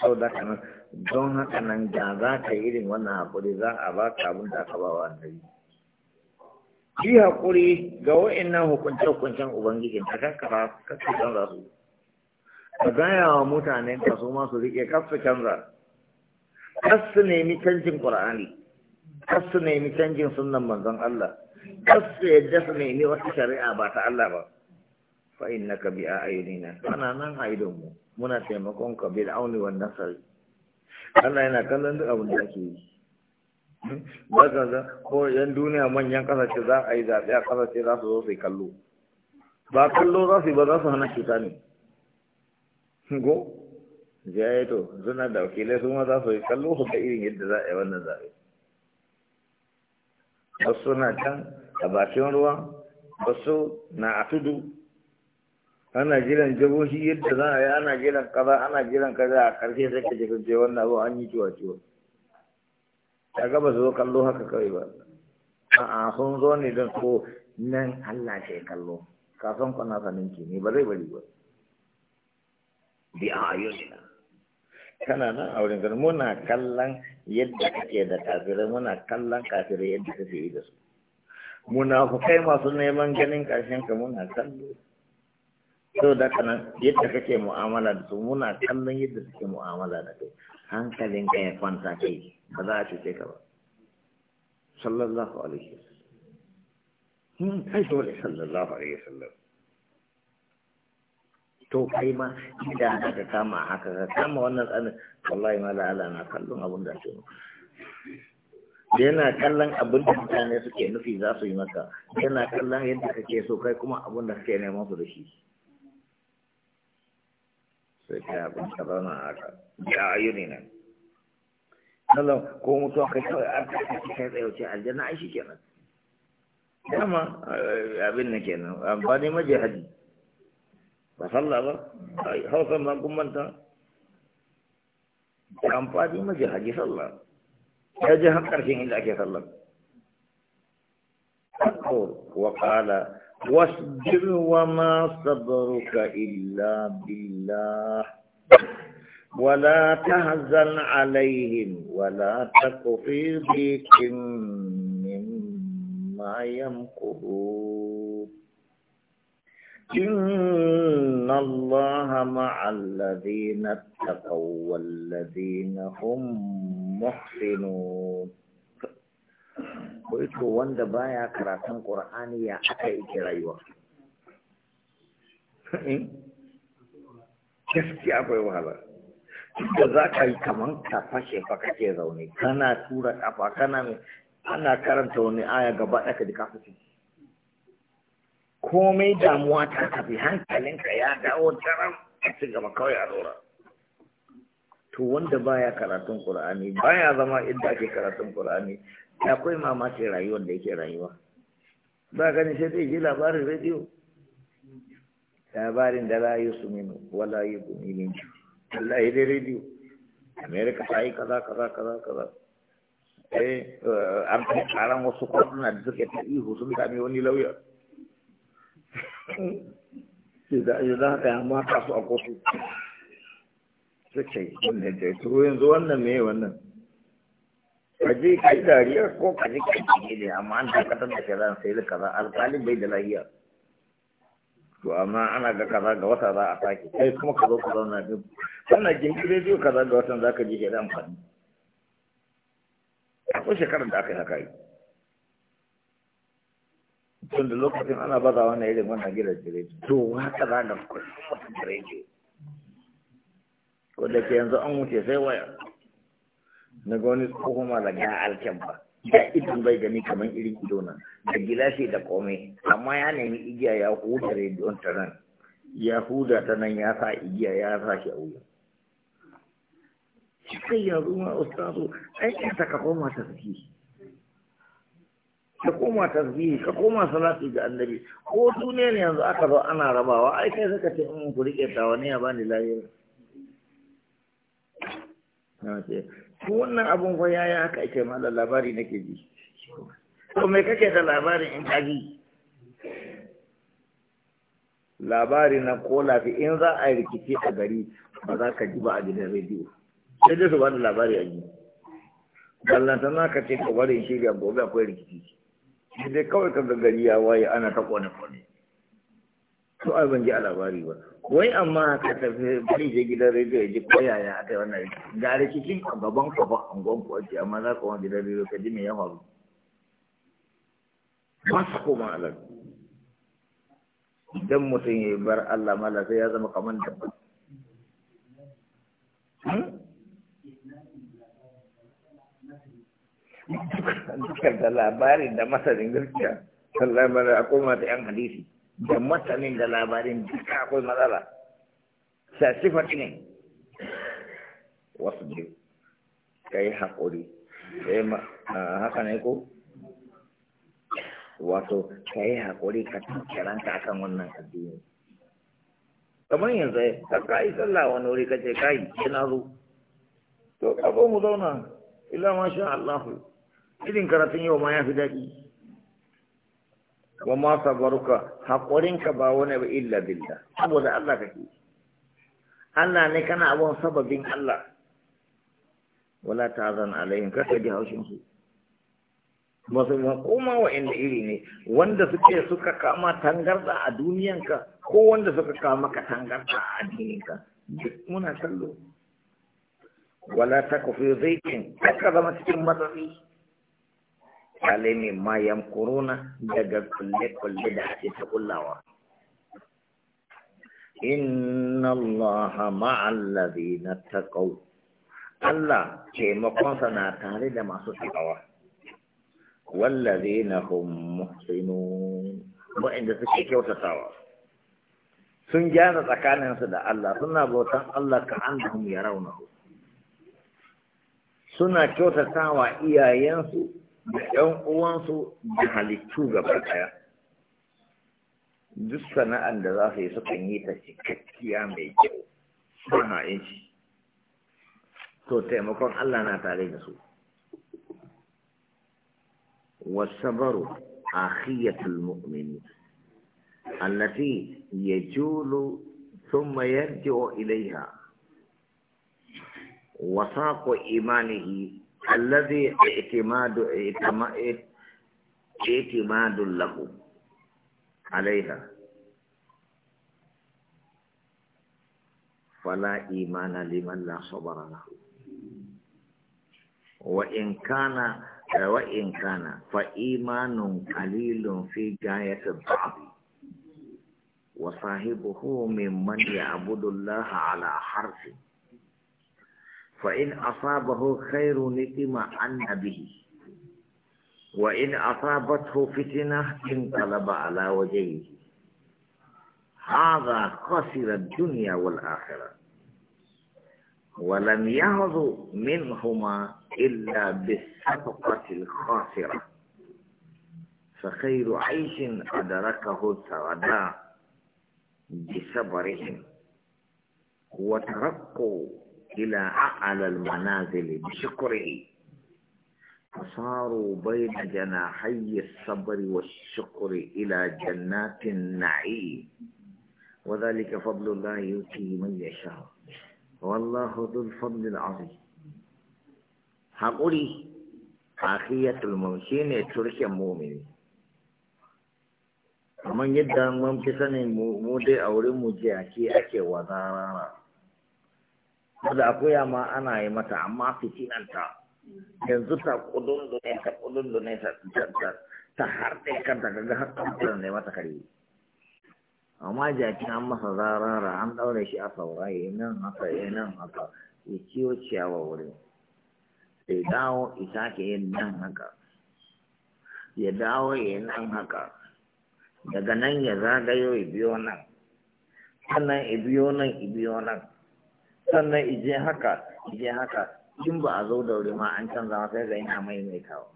sau da kanan don haka nan da za ka yi irin wannan haƙuri za a ba ka abin da aka ba wa annabi yi haƙuri ga wa'annan hukunce-hukuncen ubangijin ka kakkara kakka canza su ka gaya wa mutane ka su masu su riƙe canza kar su nemi canjin ƙur'ani kar su nemi canjin sunan manzon Allah kar su yadda su nemi wata shari'a ba ta Allah ba fa innaka bi a'yunina kana nan a idonmu mu muna taimakon ka bil auni wan nasari Allah yana kallon duk abin da ake yi daga ga ko yan duniya manyan kasashe za a yi zaɓe a kasashe za su zo su kallo ba kallo za su yi ba za su hana cuta ne go jaye to suna da wakilai su ma za su yi kallo su ga irin yadda za a yi wannan zaɓe wasu na can a bakin ruwa wasu na a tudu ana jiran jaboshi yadda za a yi ana jiran kaza ana jiran kaza a karshe sai ka jiran ce wannan abu an yi ciwa ciwa ta gaba su zo kallo haka kawai ba a'a sun zo ne don ko nan Allah ke kallo kafin kwana sanin ki ne ba zai bari ba bi a ayyuna kana nan a wurin gani muna kallon yadda kake da kafirai muna kallon kafirai yadda kake yi da su munafukai masu neman ganin karshen ka muna kallo so da kanan yadda kake mu'amala da su muna kallon yadda suke mu'amala da kai hankalin ka ya kwanta kai ba za a cuce ka ba sallallahu alaihi wasallam hmm, kai dole sallallahu alaihi wasallam to kai ma idan aka kama haka ka kama wannan tsanin wallahi ma da Allah na kallon abin da ke yana kallon abin da mutane suke nufi za su yi maka yana kallon yadda kake so kai kuma abin da kake neman su da shi sai ka abin ka zauna a haka ya ayyuni nan sallam ko mutuwa kai kawai an kai kai tsaye wuce aljanna ai shi kenan dama eh, abin na kenan amfani maje haji ba sallah ba hausa ma kun manta amfani maje haji sallah ya je har ƙarshen inda ake sallah wa qala واصبر وما صبرك إلا بالله ولا تهزن عليهم ولا تك في ضيق مما يمكرون إن الله مع الذين اتقوا والذين هم محسنون ko to wanda baya karatun qur'ani ya aka yi rayuwa eh? gaskiya akwai wahala da za ka yi kaman ka fashe fa kake zaune kana tura kafa kana mai ana karanta wani aya gaba ɗaya ka ji ka komai damuwa ta tafi hankalinka ya dawo taram a gaba kawai a to wanda baya karatun qur'ani baya zama inda ake karatun qur'ani akwai mamakin rayuwar da yake rayuwa ba gani sai zai ji labarin rediyo labarin da la yi su minu wala yi ku minin Allah ya radio rediyo Amerika ta yi kaza kaza kaza kaza eh, eh an kai karan wasu kwaduna da suke ta ihu sun sami wani lauya sai za ka yi mata su a kotu suke wanda ya ce yanzu wannan me wannan ka je ka yi dariya ko ka je ka yi ne amma an dakatar da shari'a sai da kaza alƙalin bai da lahiya to amma ana ga kaza ga wata za a sake kai kuma ka zo ka zauna duk wannan jinkiri biyu kaza ga watan za ka je da amfani akwai shekarar da aka yi haka yi tun da lokacin ana baza wannan irin wannan gidan jirage to haka za ga kullum mutum jirage ko da ke yanzu an wuce sai waya na ga wani tsohon malami a alken ba da idan bai gani kamar irin ido nan da gilashi da komai amma ya nemi igiya ya huda rediyon ta nan ya huda ta nan ya sa igiya ya sa shi a wuyan sai ya zuma ustazu ai ta ka koma tafiye ka koma tasbihi ka koma salati ga annabi ko duniya ne yanzu aka zo ana rabawa ai kai suka ce in mm, ku rike ta wani ya bani lafiya ko wannan abun fa yaya haka ake ma da labari nake ji to me kake da labarin in kaji labari na kola fi in za a rikici a gari ba za ka ji ba a gidan rediyo sai dai su ba da labari a ji ballanta na ka ce ka in shirya gobe akwai rikici sai dai kawai ka gari ya waye ana ta kone kone to ai ban ji a labari ba wai amma ka tafi bari je gidan rediyo ya ji ko yaya aka yi wannan rikici ga rikicin a gaban ka ba an gwan ko ake amma za ka wani gidan rediyo ka ji mai ya faru ba su koma alal idan mutum ya bar Allah mala sai ya zama kamar ba hmm? dukkan da labarin da masarin gaskiya sallah mala a koma ta yan hadisi da matanin da labarin duka akwai matsala sasifar ne wasu biyu ka yi haƙuri haka ne ko wato ka yi haƙuri ka kiranta akan wannan addini kamar yanzu ka kayi sallah wani wuri ka ce kayi kina zo to ka mu zauna illa masha Allah irin karatun yau ma ya fi daɗi wa ma sabaruka haƙurinka ba wani ba illa billah saboda Allah kake Allah ne kana abun sababin Allah wala ta'zan alaihim kaka ji haushin su musulman koma wa inda iri ne wanda suke suka kama tangarda a duniyanka ko wanda suka kama ka tangarda a addininka muna kallo wala ta kufi zaikin kaka zama cikin matsayi kalimi ma yamkuruna daga kulle-kulle da ake ta kullawa inna Allah ma'al ladina taƙau, Allah taimakonsa na tare da masu takawa na hum sinu, wa'inda suke kyautatawa sun gyara tsakaninsu da Allah suna bautan Allah ka ya yarawnahu suna kyautatawa iyayensu da ‘yan uwansu da halittu gaba ɗaya. Duk sana'an da za su yi sukan yi ta cikakkiya mai kyau suna yin shi. To taimakon Allah na tare da su. Wasabaru akhiyatul mu'mini allati yajulu mayar yarji'u ilaiha wa ko imanihi الذي اعتماد اعتماد له عليها فلا إيمان لمن لا صبر له وإن كان وإن كان فإيمان قليل في غاية الضعف وصاحبه ممن يعبد الله على حرفه فإن أصابه خير نتم عن به وإن أصابته فتنة انقلب على وجهه هذا خسر الدنيا والآخرة ولم يهض منهما إلا بالصفقة الخاسرة فخير عيش أدركه السعداء بصبرهم وترقوا إلى أعلى المنازل بشكره فصاروا بين جناحي الصبر والشكر إلى جنات النعيم وذلك فضل الله يؤتيه من يشاء والله ذو الفضل العظيم هقولي آخية المؤمنين ترك المؤمن ومن yadda mun مودي أو mu أكي a wurin wanda akuya ma ana yi mata amma cinanta yanzu ta kudin ne ta kudin ne ta ta har ɗai kanta ga har kamfulan ne mata kare amma jakin an masa zarara an daure shi a saurayi nan haka yi nan haka ya ciwo ciyawa wurin sai dawo isa ke yin nan haka ya dawo yi nan haka daga nan ya zagayo ya biyo nan sannan ibiyo nan ibiyo nan sannan ije haka ije haka in ba a zo da wuri ma an canza sai ga ina kawo.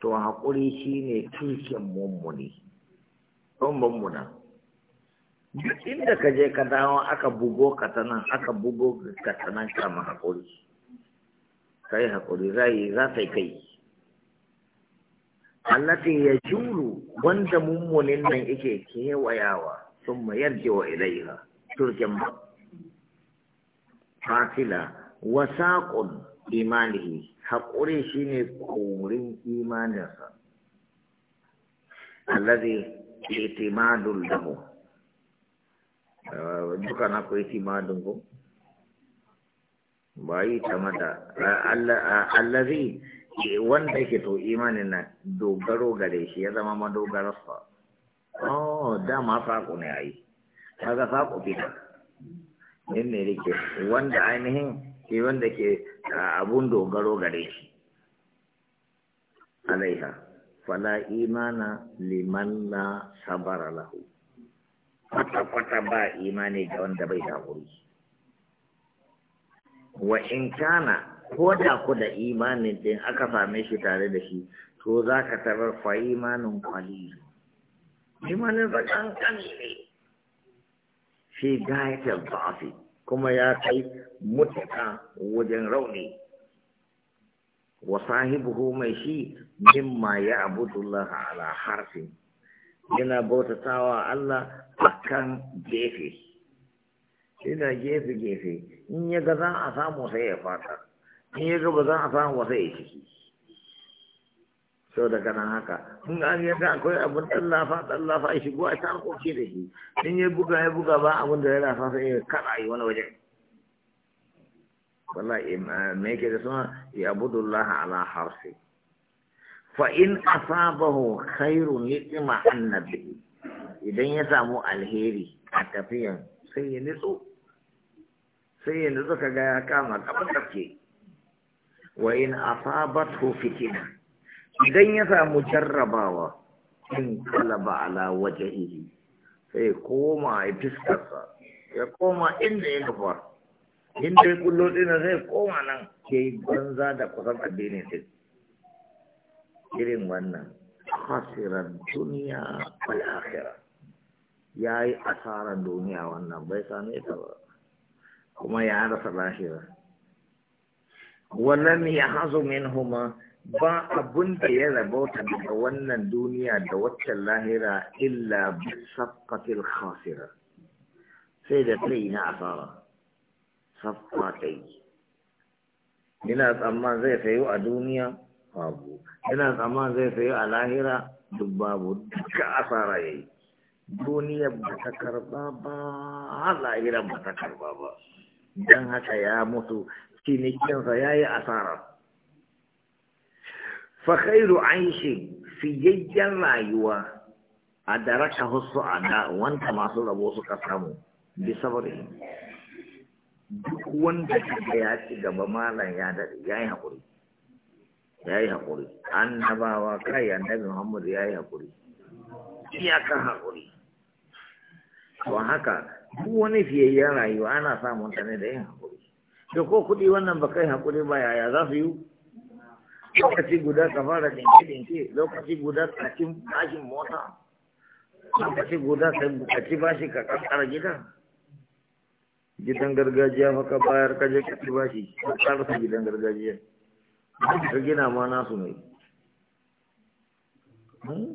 to haƙuri shine ne tushen mummuni ɗan mummuna duk inda ka je ka dawo aka bugo ka ta nan aka bugo ka ta nan ma haƙuri ka yi haƙuri yi za ta yi kai allati ya juru wanda mummunin nan yake kewayawa sun mayar wa ilaiha turkin ba fatila wasaƙun imanihi haƙuri shi ne ƙorin imaninsa allazi itimadun lahu uh, duka na ku itimadun ku ba yi ta mata allazi wanda yake to imanin na dogaro gare shi ya zama madogararsa oh dama saƙo ne a yi kaga sako fita yin ne rike wanda ainihin ke wanda ke abun dogaro gare shi alaiha fala imana liman la sabara lahu kwata-kwata ba imani ga wanda bai haƙuri wa in kana ko da ku da imanin din aka same shi tare da shi to za ka tarar fa imanin kwalilu imanin ba ƙanƙan ne shi gayatul bafi kuma ya kai mutaka wajen rauni wa sahibuhu mai shi mimma ya abudullah ala harfin yana bautatawa Allah a kan gefe ina gefe gefe in ya ga za a samu sai ya fata in ya ba za a samu sai ya ciki sau daga nan haka in an yi ga akwai abin tallafa tallafa a shigo a ta koke da shi in ya buga ya buga ba abin da ya lafa sai ya kada yi wani waje Wala eh, me yake da suna ya abudullaha ala harfi fa in asabahu khairun liqima annabi idan ya samu alheri a tafiyan sai ya nitsu sai ya nitsu kaga ya kama kafin tafke wa in asabatu fitina idan ya samu jarrabawa in kalaba ala iri sai koma ya fiskarsa ya koma inda ya nufa inda ya kullo dina sai koma nan ke yi banza da kusan addini sai irin wannan hasirar duniya wal akhira ya yi asarar duniya wannan bai same ta ba kuma ya rasa lahira wannan ya hazo min huma ba abun da ya rabauta daga wannan duniya da waccan lahira illa bi safqatil khasira sai da kai na asara safqa kai ina tsamman zai sayo a duniya babu ina tsamman zai sayo a lahira duk babu duka asara yayi duniya ba ta karba ba lahira ba ta karba ba dan haka ya mutu cinikinsa ya yi asara fa khairu aishi fiyayyen rayuwa a daraka husu a da wanda masu rabo suka samu Bi bari duk wanda kaga ya ci gaba malam ya daɗe ya yi hakuri. ya yi hakuri. annabawa kai annabi muhammadu ya yi haƙuri iyakan haƙuri to haka duk wani fiyayyen rayuwa ana samun ta ne da yin hakuri. da ko kuɗi wannan ba kai hakuri ba yaya za su yi lokaci guda ka fara dinke-dinke lokaci guda kacin bashin mota lokaci guda ka bashi ka kankara gidan gidan gargajiya maka bayar ka je kaci bashi ka karasa gidan gargajiya ka gina ma nasu ne hmm?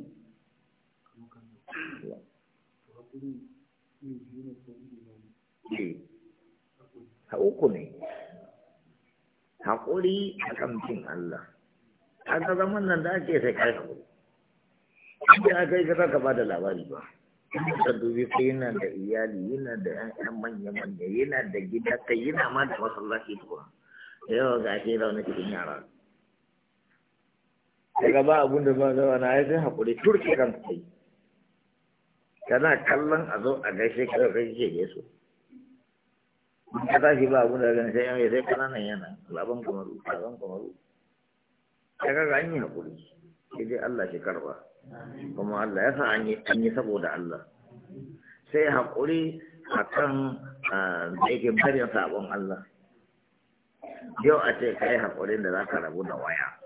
eh. Ha uku ne, haƙuri a kamcin Allah. ta zaman nan da ake sai kai hakuri inda aka yi ka ba da labari ba ka dubi ka yana da iyali yana da ƴan manya-manya yana da gida kai yana ma da masallaci ko da yawa ga da wani cikin yara daga ba abun da ba da wani ai sai hakuri turki kan kai kana kallon a zo a gaishe ka shi ke gaisu in ka tashi ba abun da gani sai yan sai nan yana laban kamaru laban kamaru ya ga an yi haƙuri sai dai Allah shi karba kuma Allah ya sa an yi saboda Allah sai haƙuri akan da yake barin sabon Allah yau a ce kai haƙurin da za ka rabu da waya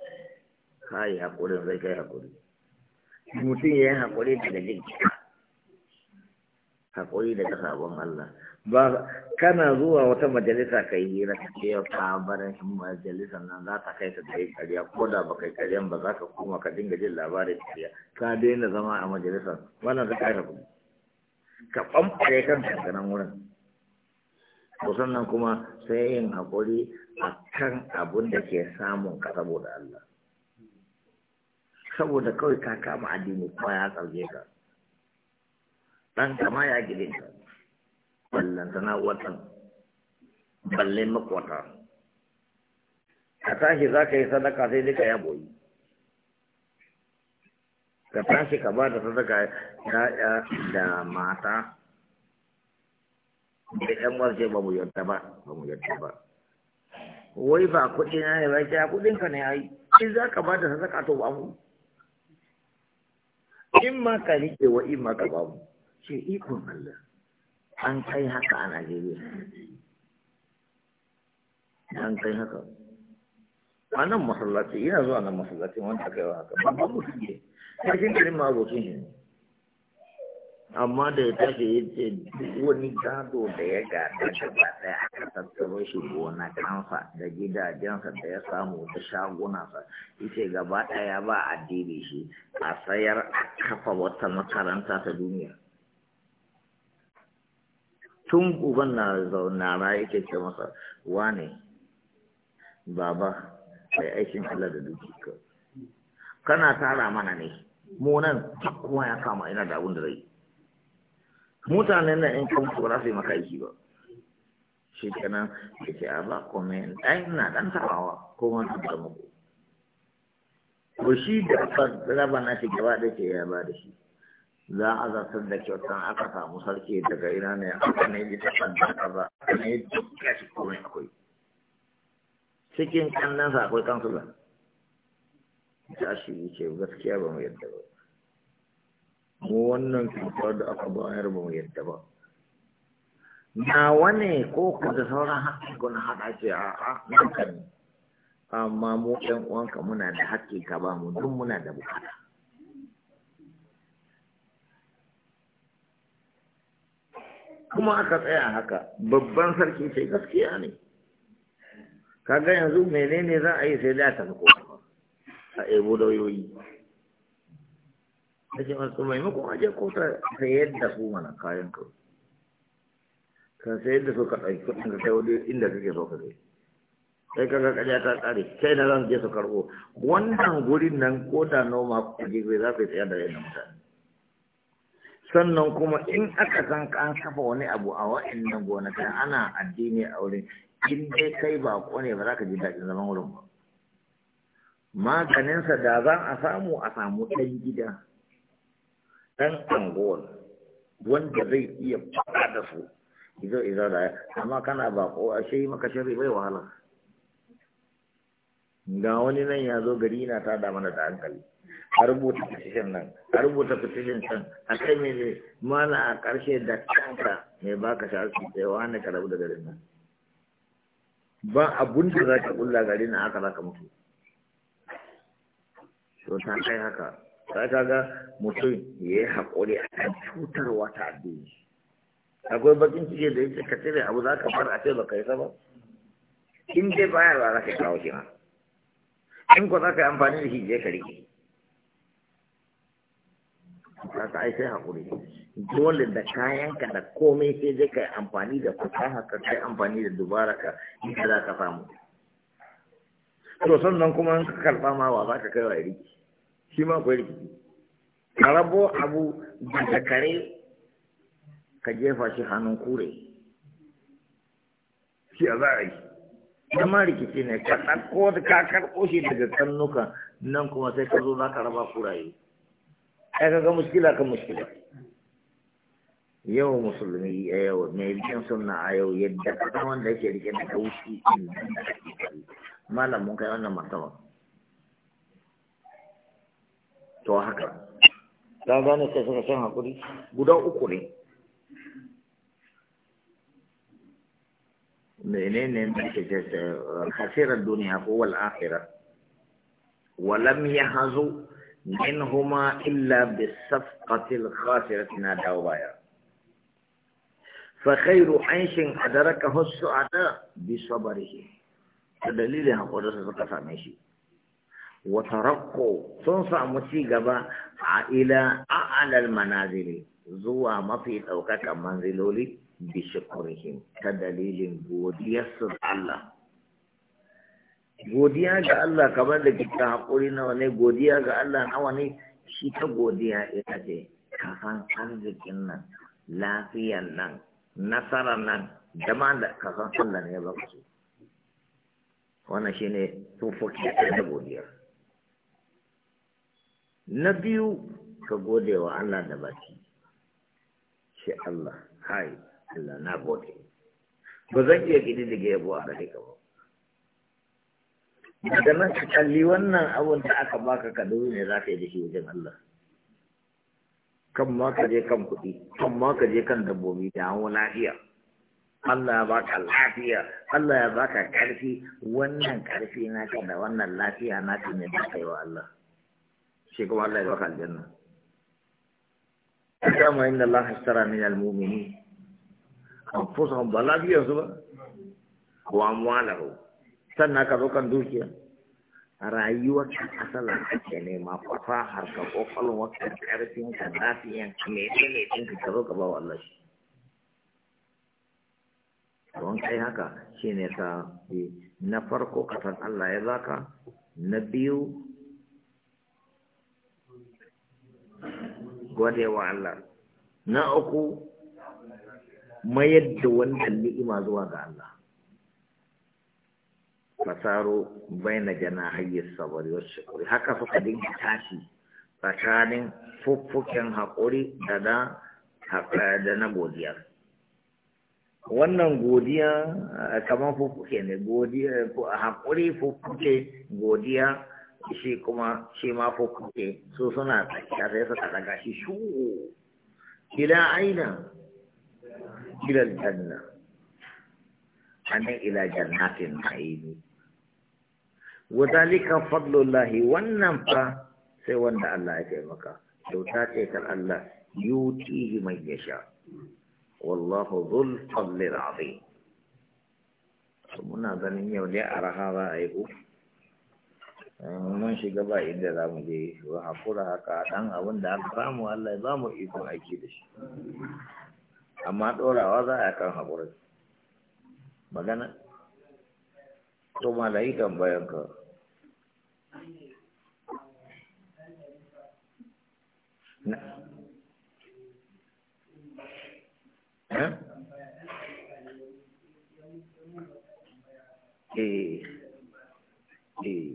ka yi haƙurin zai kai haƙuri mutum ya yi hakuri daga jin haƙuri daga sabon Allah ba kana zuwa wata majalisa ka yi hira ka ce ta barin in majalisa nan za ta kai da kai karya ko da ba kai ba za ka koma ka dinga jin labarin karya ka daina zama a majalisa wannan zai kare kuɗi ka ɓamɓare kan tsakanin wurin kusan sannan kuma sai yin haƙuri a kan abun da ke samun ka saboda Allah saboda kawai ka kama addini ko ya tsarge ka ɗan kama ya gidinka tana watan balle makwata ka tashi za ka yi sadaka sai dai ka yabo yi ka tashi ka ba da sadaka ya'ya da mata da ɗan wasu ba mu yadda ba ba mu yadda ba wai ba kuɗi na ne ba ya kuɗin ka ne ai in za ka ba da sadaka to ba mu in ma ka rike wa in ma ka ba mu ce ikon Allah an kai haka a Najeriya an kai haka a nan masallaci ina zuwa nan masallaci wanda kai wa haka ba mutum ne cikin garin ma abokin shi ne amma da ya tafi ya ce wani gado da ya gada gaba daya aka tattaro shi gona kansa da gidajensa da ya samu da shagunansa ita gaba daya ba a dire shi a sayar a kafa wata makaranta ta duniya tun uban na zaunara yake ce masa wane baba mai aikin Allah da duki kana tara mana ne mu nan kowa ya kama ina da abin da zai mutanen nan in kan ba su yi maka aiki ba shi kenan da ke a ba komen ɗan ina ɗan tabawa ko wani su da muku ko shi da raba na shi gaba da ke ya ba da shi za a zartar da kyautan aka samu sarki daga ina ne a aka ne ji ta kanta kaza aka ne duk duka shi komai akwai cikin kallon sa akwai ba ta shi yake gaskiya ba mu yadda ba mu wannan kyautar da aka bayar ba mu yadda ba nawa ne ko ku da sauran haƙƙi na haɗa ce a a nan kan amma mu ɗan uwanka muna da haƙƙi ka ba mu duk muna da bukata kuma aka tsaya haka babban sarki ce gaskiya ne kaga yanzu menene za a yi sai da ta ko a ebo dauyoyi ta ce masu maimakon aje kota ta yadda su mana kayan ka? ka sai da su ka ɗauki kuɗin ka kai wani inda kake so ka kai sai kaga ƙarya ta tsare sai na zan je su karɓo wannan gurin nan ko da noma kuɗi bai za su yi tsaya da yadda mutane sannan kuma in aka san an kafa wani abu a nan gonakai ana addini a wurin in dai kai ba ne ba za ka ji daɗin zaman wurin ba maganinsa da za a samu a samu ɗan gida ɗan angon wanda zai iya faɗa da su izo izo da amma kana ba ko a shi maka shari bai wahala ga wani nan ya zo gari na ta mana da hankali a rubuta fitishin nan a rubuta fitishin can a kai mai ne mana a ƙarshe da kanka mai baka sai, wa ne ka rabu da garin nan ba abun da za ka ƙulla garin nan aka za ka mutu to ta kai haka ta kaga mutum ya yi haƙuri a kan cutarwa ta addini akwai bakin cike da yake ka cire abu za ka fara a ce ba ka yi ba in dai bayarwa za ka kawo shi ma in ko za ka yi amfani da shi je ka rike haka ai sai haƙuri dole da kayan ka da komai sai zai kai amfani da fasaha haka kai amfani da dubara ka inda za ka samu to sannan kuma in ka karɓa ma wa za ka kai wa riki shi ma akwai rikici ka rabo abu da kare ka jefa shi hannun kure shi a za a yi zama rikici ne ka ɗauko ka karɓo shi daga kannuka nan kuma sai ka zo za ka raba kuraye ai kaga muskila kan muskila yau musulmi a eh, yau mai rikin sunna a yau yadda kaga wanda yake rike da kauci in malam mun kai wannan martaba to haka ta gane sai suka san hakuri guda uku ne menene ne ke ce eh, hasirar duniya ko wal akhirah walam yahzu min huma illa bi safqatil khasirat na dawo baya fa khairu aishin adaraka hussu ada bi sabarihi da dalilin hakuri su suka same shi Wata tarakku sun samu ci gaba a ila a'lal manazili zuwa mafi daukaka manziloli bi shukrihim ta dalilin godiyarsu su Allah godiya ga Allah kamar da kika haƙuri nawa ne godiya ga Allah nawa ne shi ta godiya ita ce ka san arzikin nan lafiyan nan nasarar nan dama da ka san Allah ne ba ku wannan shi ne tufuki da godiya na biyu ka gode wa Allah da baki shi Allah hai Allah na gode ba zan iya gidi da yabo a gare ka ba daga nan ka kalli wannan abun da aka baka ka dole ne za ka yi da shi wajen Allah kan ma ka je kan kuɗi kan ma ka je kan dabbobi da hawa lafiya Allah ya baka lafiya Allah ya baka ƙarfi wannan ƙarfi naka da wannan lafiya naka ne da kai wa Allah shi kuma Allah ya baka aljanna kama inda Allah hasara min almu'mini anfusahum ba su ba wa amwalahum sannan ka zo kan dukiya rayuwar ka asalin kake nema har ka kokalwar ka karfin ka lafiyan ka ne din ka zo ka ba wa Allah shi don kai haka shine ka eh, na farko ka san Allah ya zaka na biyu wa Allah na uku mayar da wannan ni'ima zuwa ga Allah fasaro baina jana hayyar sabari wasu kuri haka suka dinga tashi tsakanin fuffuken haƙuri da na da na godiya wannan godiya kamar fuffuke ne godiya haƙuri fuffuke godiya shi kuma shi ma fuffuke su suna tsakiya sai suka daga shi shu ila aina ila janna annan ila jannatin na'imi wadalika fadlullahi wannan fa sai wanda Allah ya taimaka kyauta ce ta Allah yutihi mai yasha wallahu dhul fadlil azim muna ganin yau ne a rahaba ku eh, mun shiga ba inda za mu je wa hakura haka dan abin da aka samu Allah ya zamu iko aiki da shi amma ɗorawa za a kan hakura magana to malayi tambayan ka na eh eh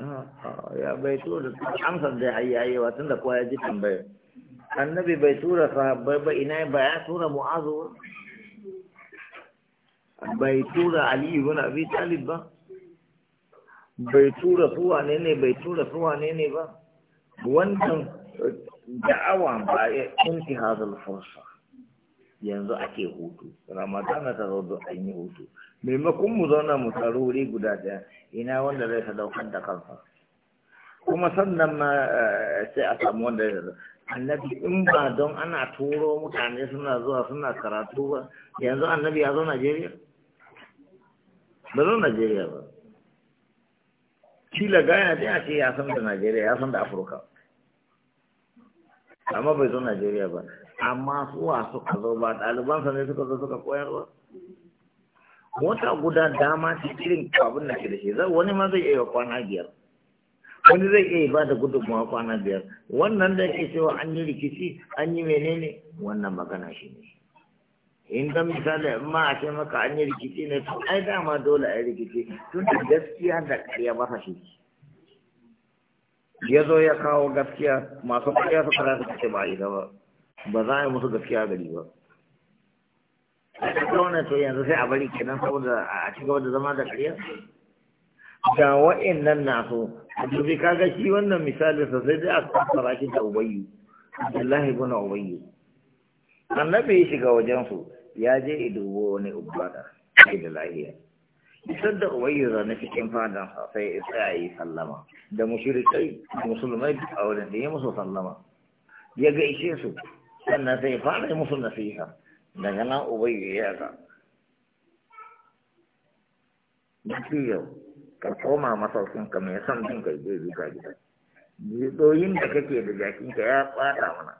Ah, ah, ya bai tura amsar da ya yi wa da kuwa ya ji tambayar annabi bai tura sahabbai ba ina ba ya tura mu'azu bai tura ali ibn abi talib ba bai tura suwa ne ne bai tura suwa ne ne ba wannan da'awa ba ya inti hazal fursa yanzu ake hutu ramadana ta zo don an yi hutu maimakon mu zauna mu taro wuri guda ɗaya ina wanda zai sadaukar da kansa kuma sannan ma eh, sai a samu wanda ya zai annabi in ba don ana turo mutane suna zuwa suna karatu ba yanzu annabi ya zo najeriya ba zo najeriya ba kila gaya dai a ce ya san da najeriya ya san da afirka amma bai zo najeriya ba amma wa suka zo ba ɗalibansa ne suka zo suka koyarwa mota guda dama ce irin abin da ke da shi wani ma zai iya kwana biyar wani zai iya ba da gudunmawa kwana biyar wannan da ke cewa an yi rikici an yi menene wannan magana shi ne in ga misali ma a ce maka an yi rikici ne to ai dama dole a yi rikici tun da gaskiya da ƙarya ba shi ya zo ya kawo gaskiya masu ƙarya su kara su ce ba yi ba ba za a yi musu gaskiya gari ba A ta wannan to yanzu sai a bari kenan saboda a ci gaba da zama da kariya ga wa'annan na so a dubi kaga shi wannan misalin sa sai dai a kasa shi da ubayyu Abdullahi ibn Ubayyu annabi ya shiga wajen su ya je ya dubo wani ubada sai da lahiya isar da ubayyu zane cikin fadan sa sai ya tsaya yi sallama da mushrikai musulmai a wurin da ya musu sallama ya gaishe su sannan sai fara musu nasiha daga nan ubai ya yi ka Mafi yau, ka koma masaukin ka mai son jin ka je zuka gida. jidoyin da kake da jakin ka ya ɓata mana.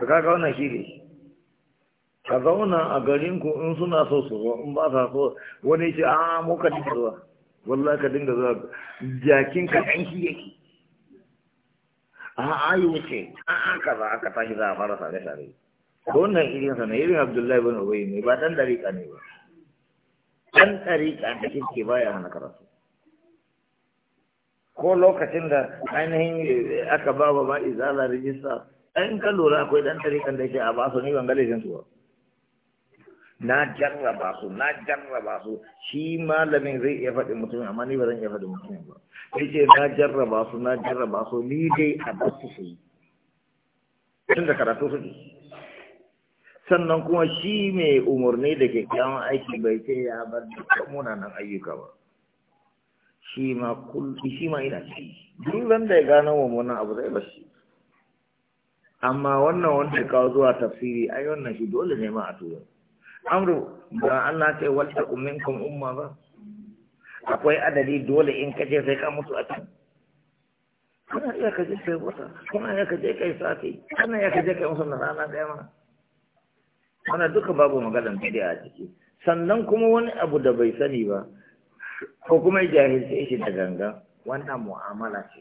Ka kaga wannan shi ne. Ka zauna a garin ku in suna so su zo in ba sa so wani ce a muka ka dinga zuwa. Wallahi ka dinga zuwa jakin ka ɗan shi yake. a'a yi wuce a'a kaza aka tashi za a fara sare-sare wannan irin sa na irin abdullahi bin ubay ne ba dan dariƙa ne ba dan dariƙa da kike baya hana karatu ko lokacin da ainihin eh, aka ba wa ba izala rijista ɗan ka lura akwai ɗan dariƙan da ke a basu ni ban galejin su ba na jarraba su na jarraba su shi malamin zai iya faɗin mutumin amma ni ba zan iya faɗin mutumin ba yace na jarraba su na jarraba su ni dai a basu su yi tun da karatu su sannan kuma shi mai umarni da kyakkyawan aiki bai ce ya bar dukkan munanan ayyuka ba shi ma shi ma ina ci duk wanda ya gano mummunan abu zai bashi. amma wannan wanda ya kawo zuwa tafsiri ai wannan shi dole ne ma a tura amru ba Allah ce wal takum minkum umma ba akwai adadi dole in ka je sai ka mutu a can kana iya ka je kai wata kana iya ka je kai sati kana iya ka je kai musu na rana ɗaya ma wannan duka babu maganar da a ciki sannan kuma wani abu da bai sani ba ko kuma ya jahilce shi da ganga wannan mu'amala ce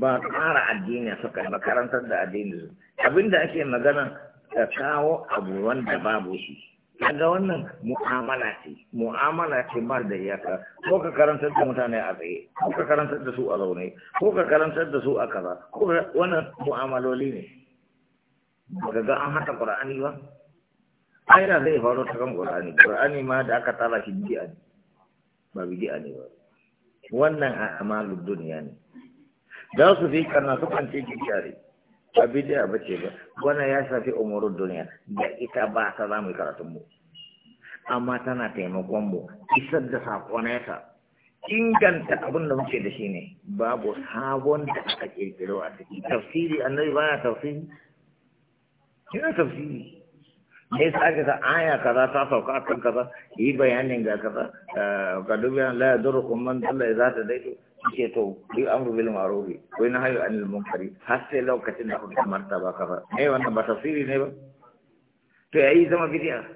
ba ƙara addini a suka ba karantar da addini abinda ake magana ka kawo abu wanda babu shi kaga wannan mu'amala ce mu'amala ce mar da iyaka ko ka karantar da mutane a tsaye ko ka karantar da su a zaune ko ka karantar da su a kaza ko wannan mu'amaloli ne daga ga an haɗa qur'ani ba ai da zai faru ta kan qur'ani qur'ani ma da aka tsara shi bid'a ne ba bid'a ne ba wannan a amalul duniya ne za su fi karna su kan ce ki ba bidiya ba ce ba wannan ya shafi umarun duniya da ita ba ta za mu yi karatun mu. amma tana taimakon mu isar da sakonaita inganta abin da muke da shi ne babu sabon da aka kirkiro a ciki tafsiri annabi baya tafsiri kina tafsiri ne sa aka sa aya kaza ta sauka akan kaza yi bayanin ga kaza eh, ga dubiyan la yadurukum man dalla idza tadaitu ke to duk amru bil ko na nahyu anil munkari har sai lokacin da kuka martaba ka ba eh wannan ba tafsiri ne ba to yayi zama bid'a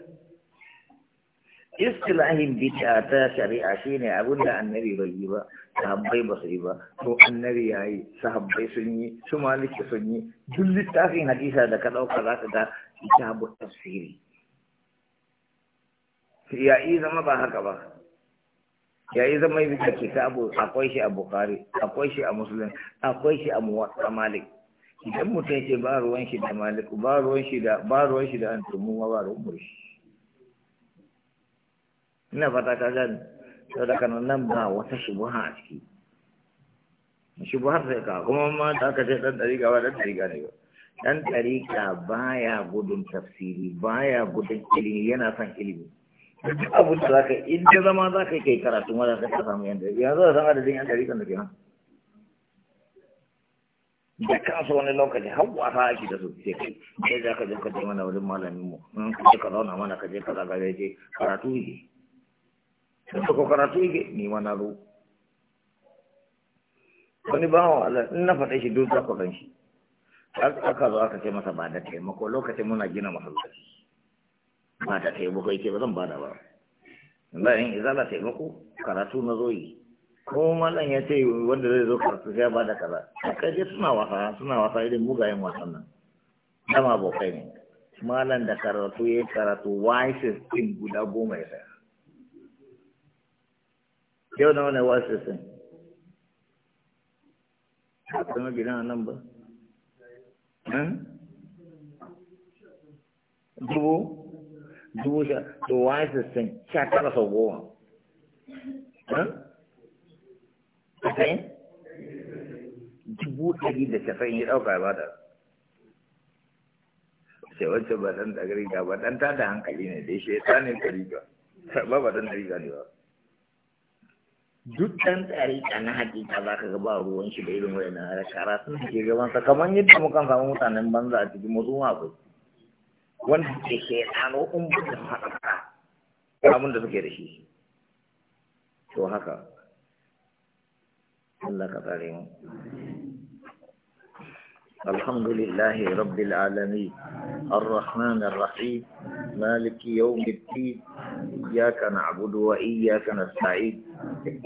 istilahin bid'a ta shari'a shine abin da annabi bai yi ba sahabbai ba su yi ba to annabi yayi sahabbai sun yi su maliki sun yi duk littafin hadisa da ka dauka za ka ga kitabu tafsiri ya yi zama ba haka ba ya yi zama yi bisa kitabu akwai shi a bukari akwai shi a musulun akwai shi a muwatta malik idan mutum ce ba ruwan shi da malik ba ruwan shi da ba ruwan shi da antumu ma ba ruwan murshi ina fata ka sau da kanan nan ba wata shubuha a ciki shubuhar sai ka kuma ma da aka ce dan dariƙa ba dan dariƙa ne ba dan dariƙa baya gudun tafsiri baya gudun ilimi yana son ilimi duk abin da za ka in ta zama za ka kai karatu ma za ka samu yan dari yanzu da zama da zan yan dari kan da kenan da kansu wani lokaci har wasa ake da su ce kai sai za ka je ka je mana wajen malamin mu in ka je ka zauna mana ka je ka zaga zai je karatu ne sai ko karatu ne ni ma na zo wani bawan Allah in na faɗa shi duk za ku gan shi aka zo aka ce masa ba da taimako lokacin muna gina masallaci ba ta taimako yake ba zan ba da ba bayan ta taimako karatu na zoyi ko malam ya ce wanda zai zo karatu sai ba da kaza kai je suna wasa suna wasa irin mugayen wasan nan dama abokai ne malam da karatu ya karatu wises din guda goma ya sa yau na wani wises din ta kuma gidan nan ba hmm? dubu dubu sha to waye sassan sha tara sau goma casa'in dubu ɗari da casa'in ya ɗauka ya bada sai wacce ba ɗan da riga ba ɗan ta da hankali ne dai shi ta ne ta riga ba ba ɗan da riga ne ba duk ɗan tsarika na hakika za ka gaba ruwan shi da irin wayannan harkara sun ke gabansa kamar yadda mukan samu mutanen banza a cikin wasu akwai wanda suke shekano in bukin haɗaɗa ramun da suke da shi to haka Allah ka tsari الحمد لله رب العالمين الرحمن الرحيم مالك يوم الدين إياك نعبد وإياك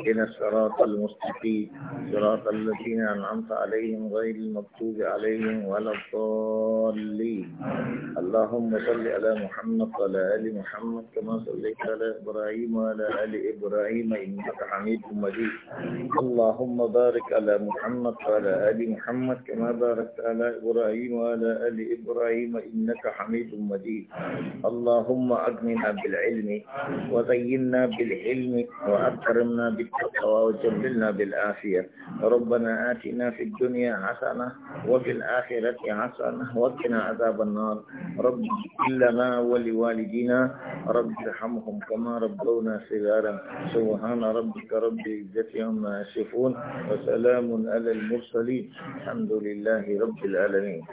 إلى الصراط المستقيم صراط الذين أنعمت عليهم غير المكتوب عليهم ولا الضالين اللهم صل على محمد وعلى آل محمد كما صليت على إبراهيم وعلى آل إبراهيم إنك حميد مجيد اللهم بارك على محمد وعلى آل محمد كما باركت على إبراهيم وعلى آل إبراهيم إنك حميد مجيد اللهم أغننا بالعلم وزينا بالعلم وأكرم ألهمنا بالتقوى وجبلنا بالآفية ربنا آتنا في الدنيا حسنة وفي الآخرة حسنة وقنا عذاب النار رب لنا ولوالدينا رب ارحمهم كما ربونا صغارا سبحان ربك رب العزة عما يصفون وسلام على المرسلين الحمد لله رب العالمين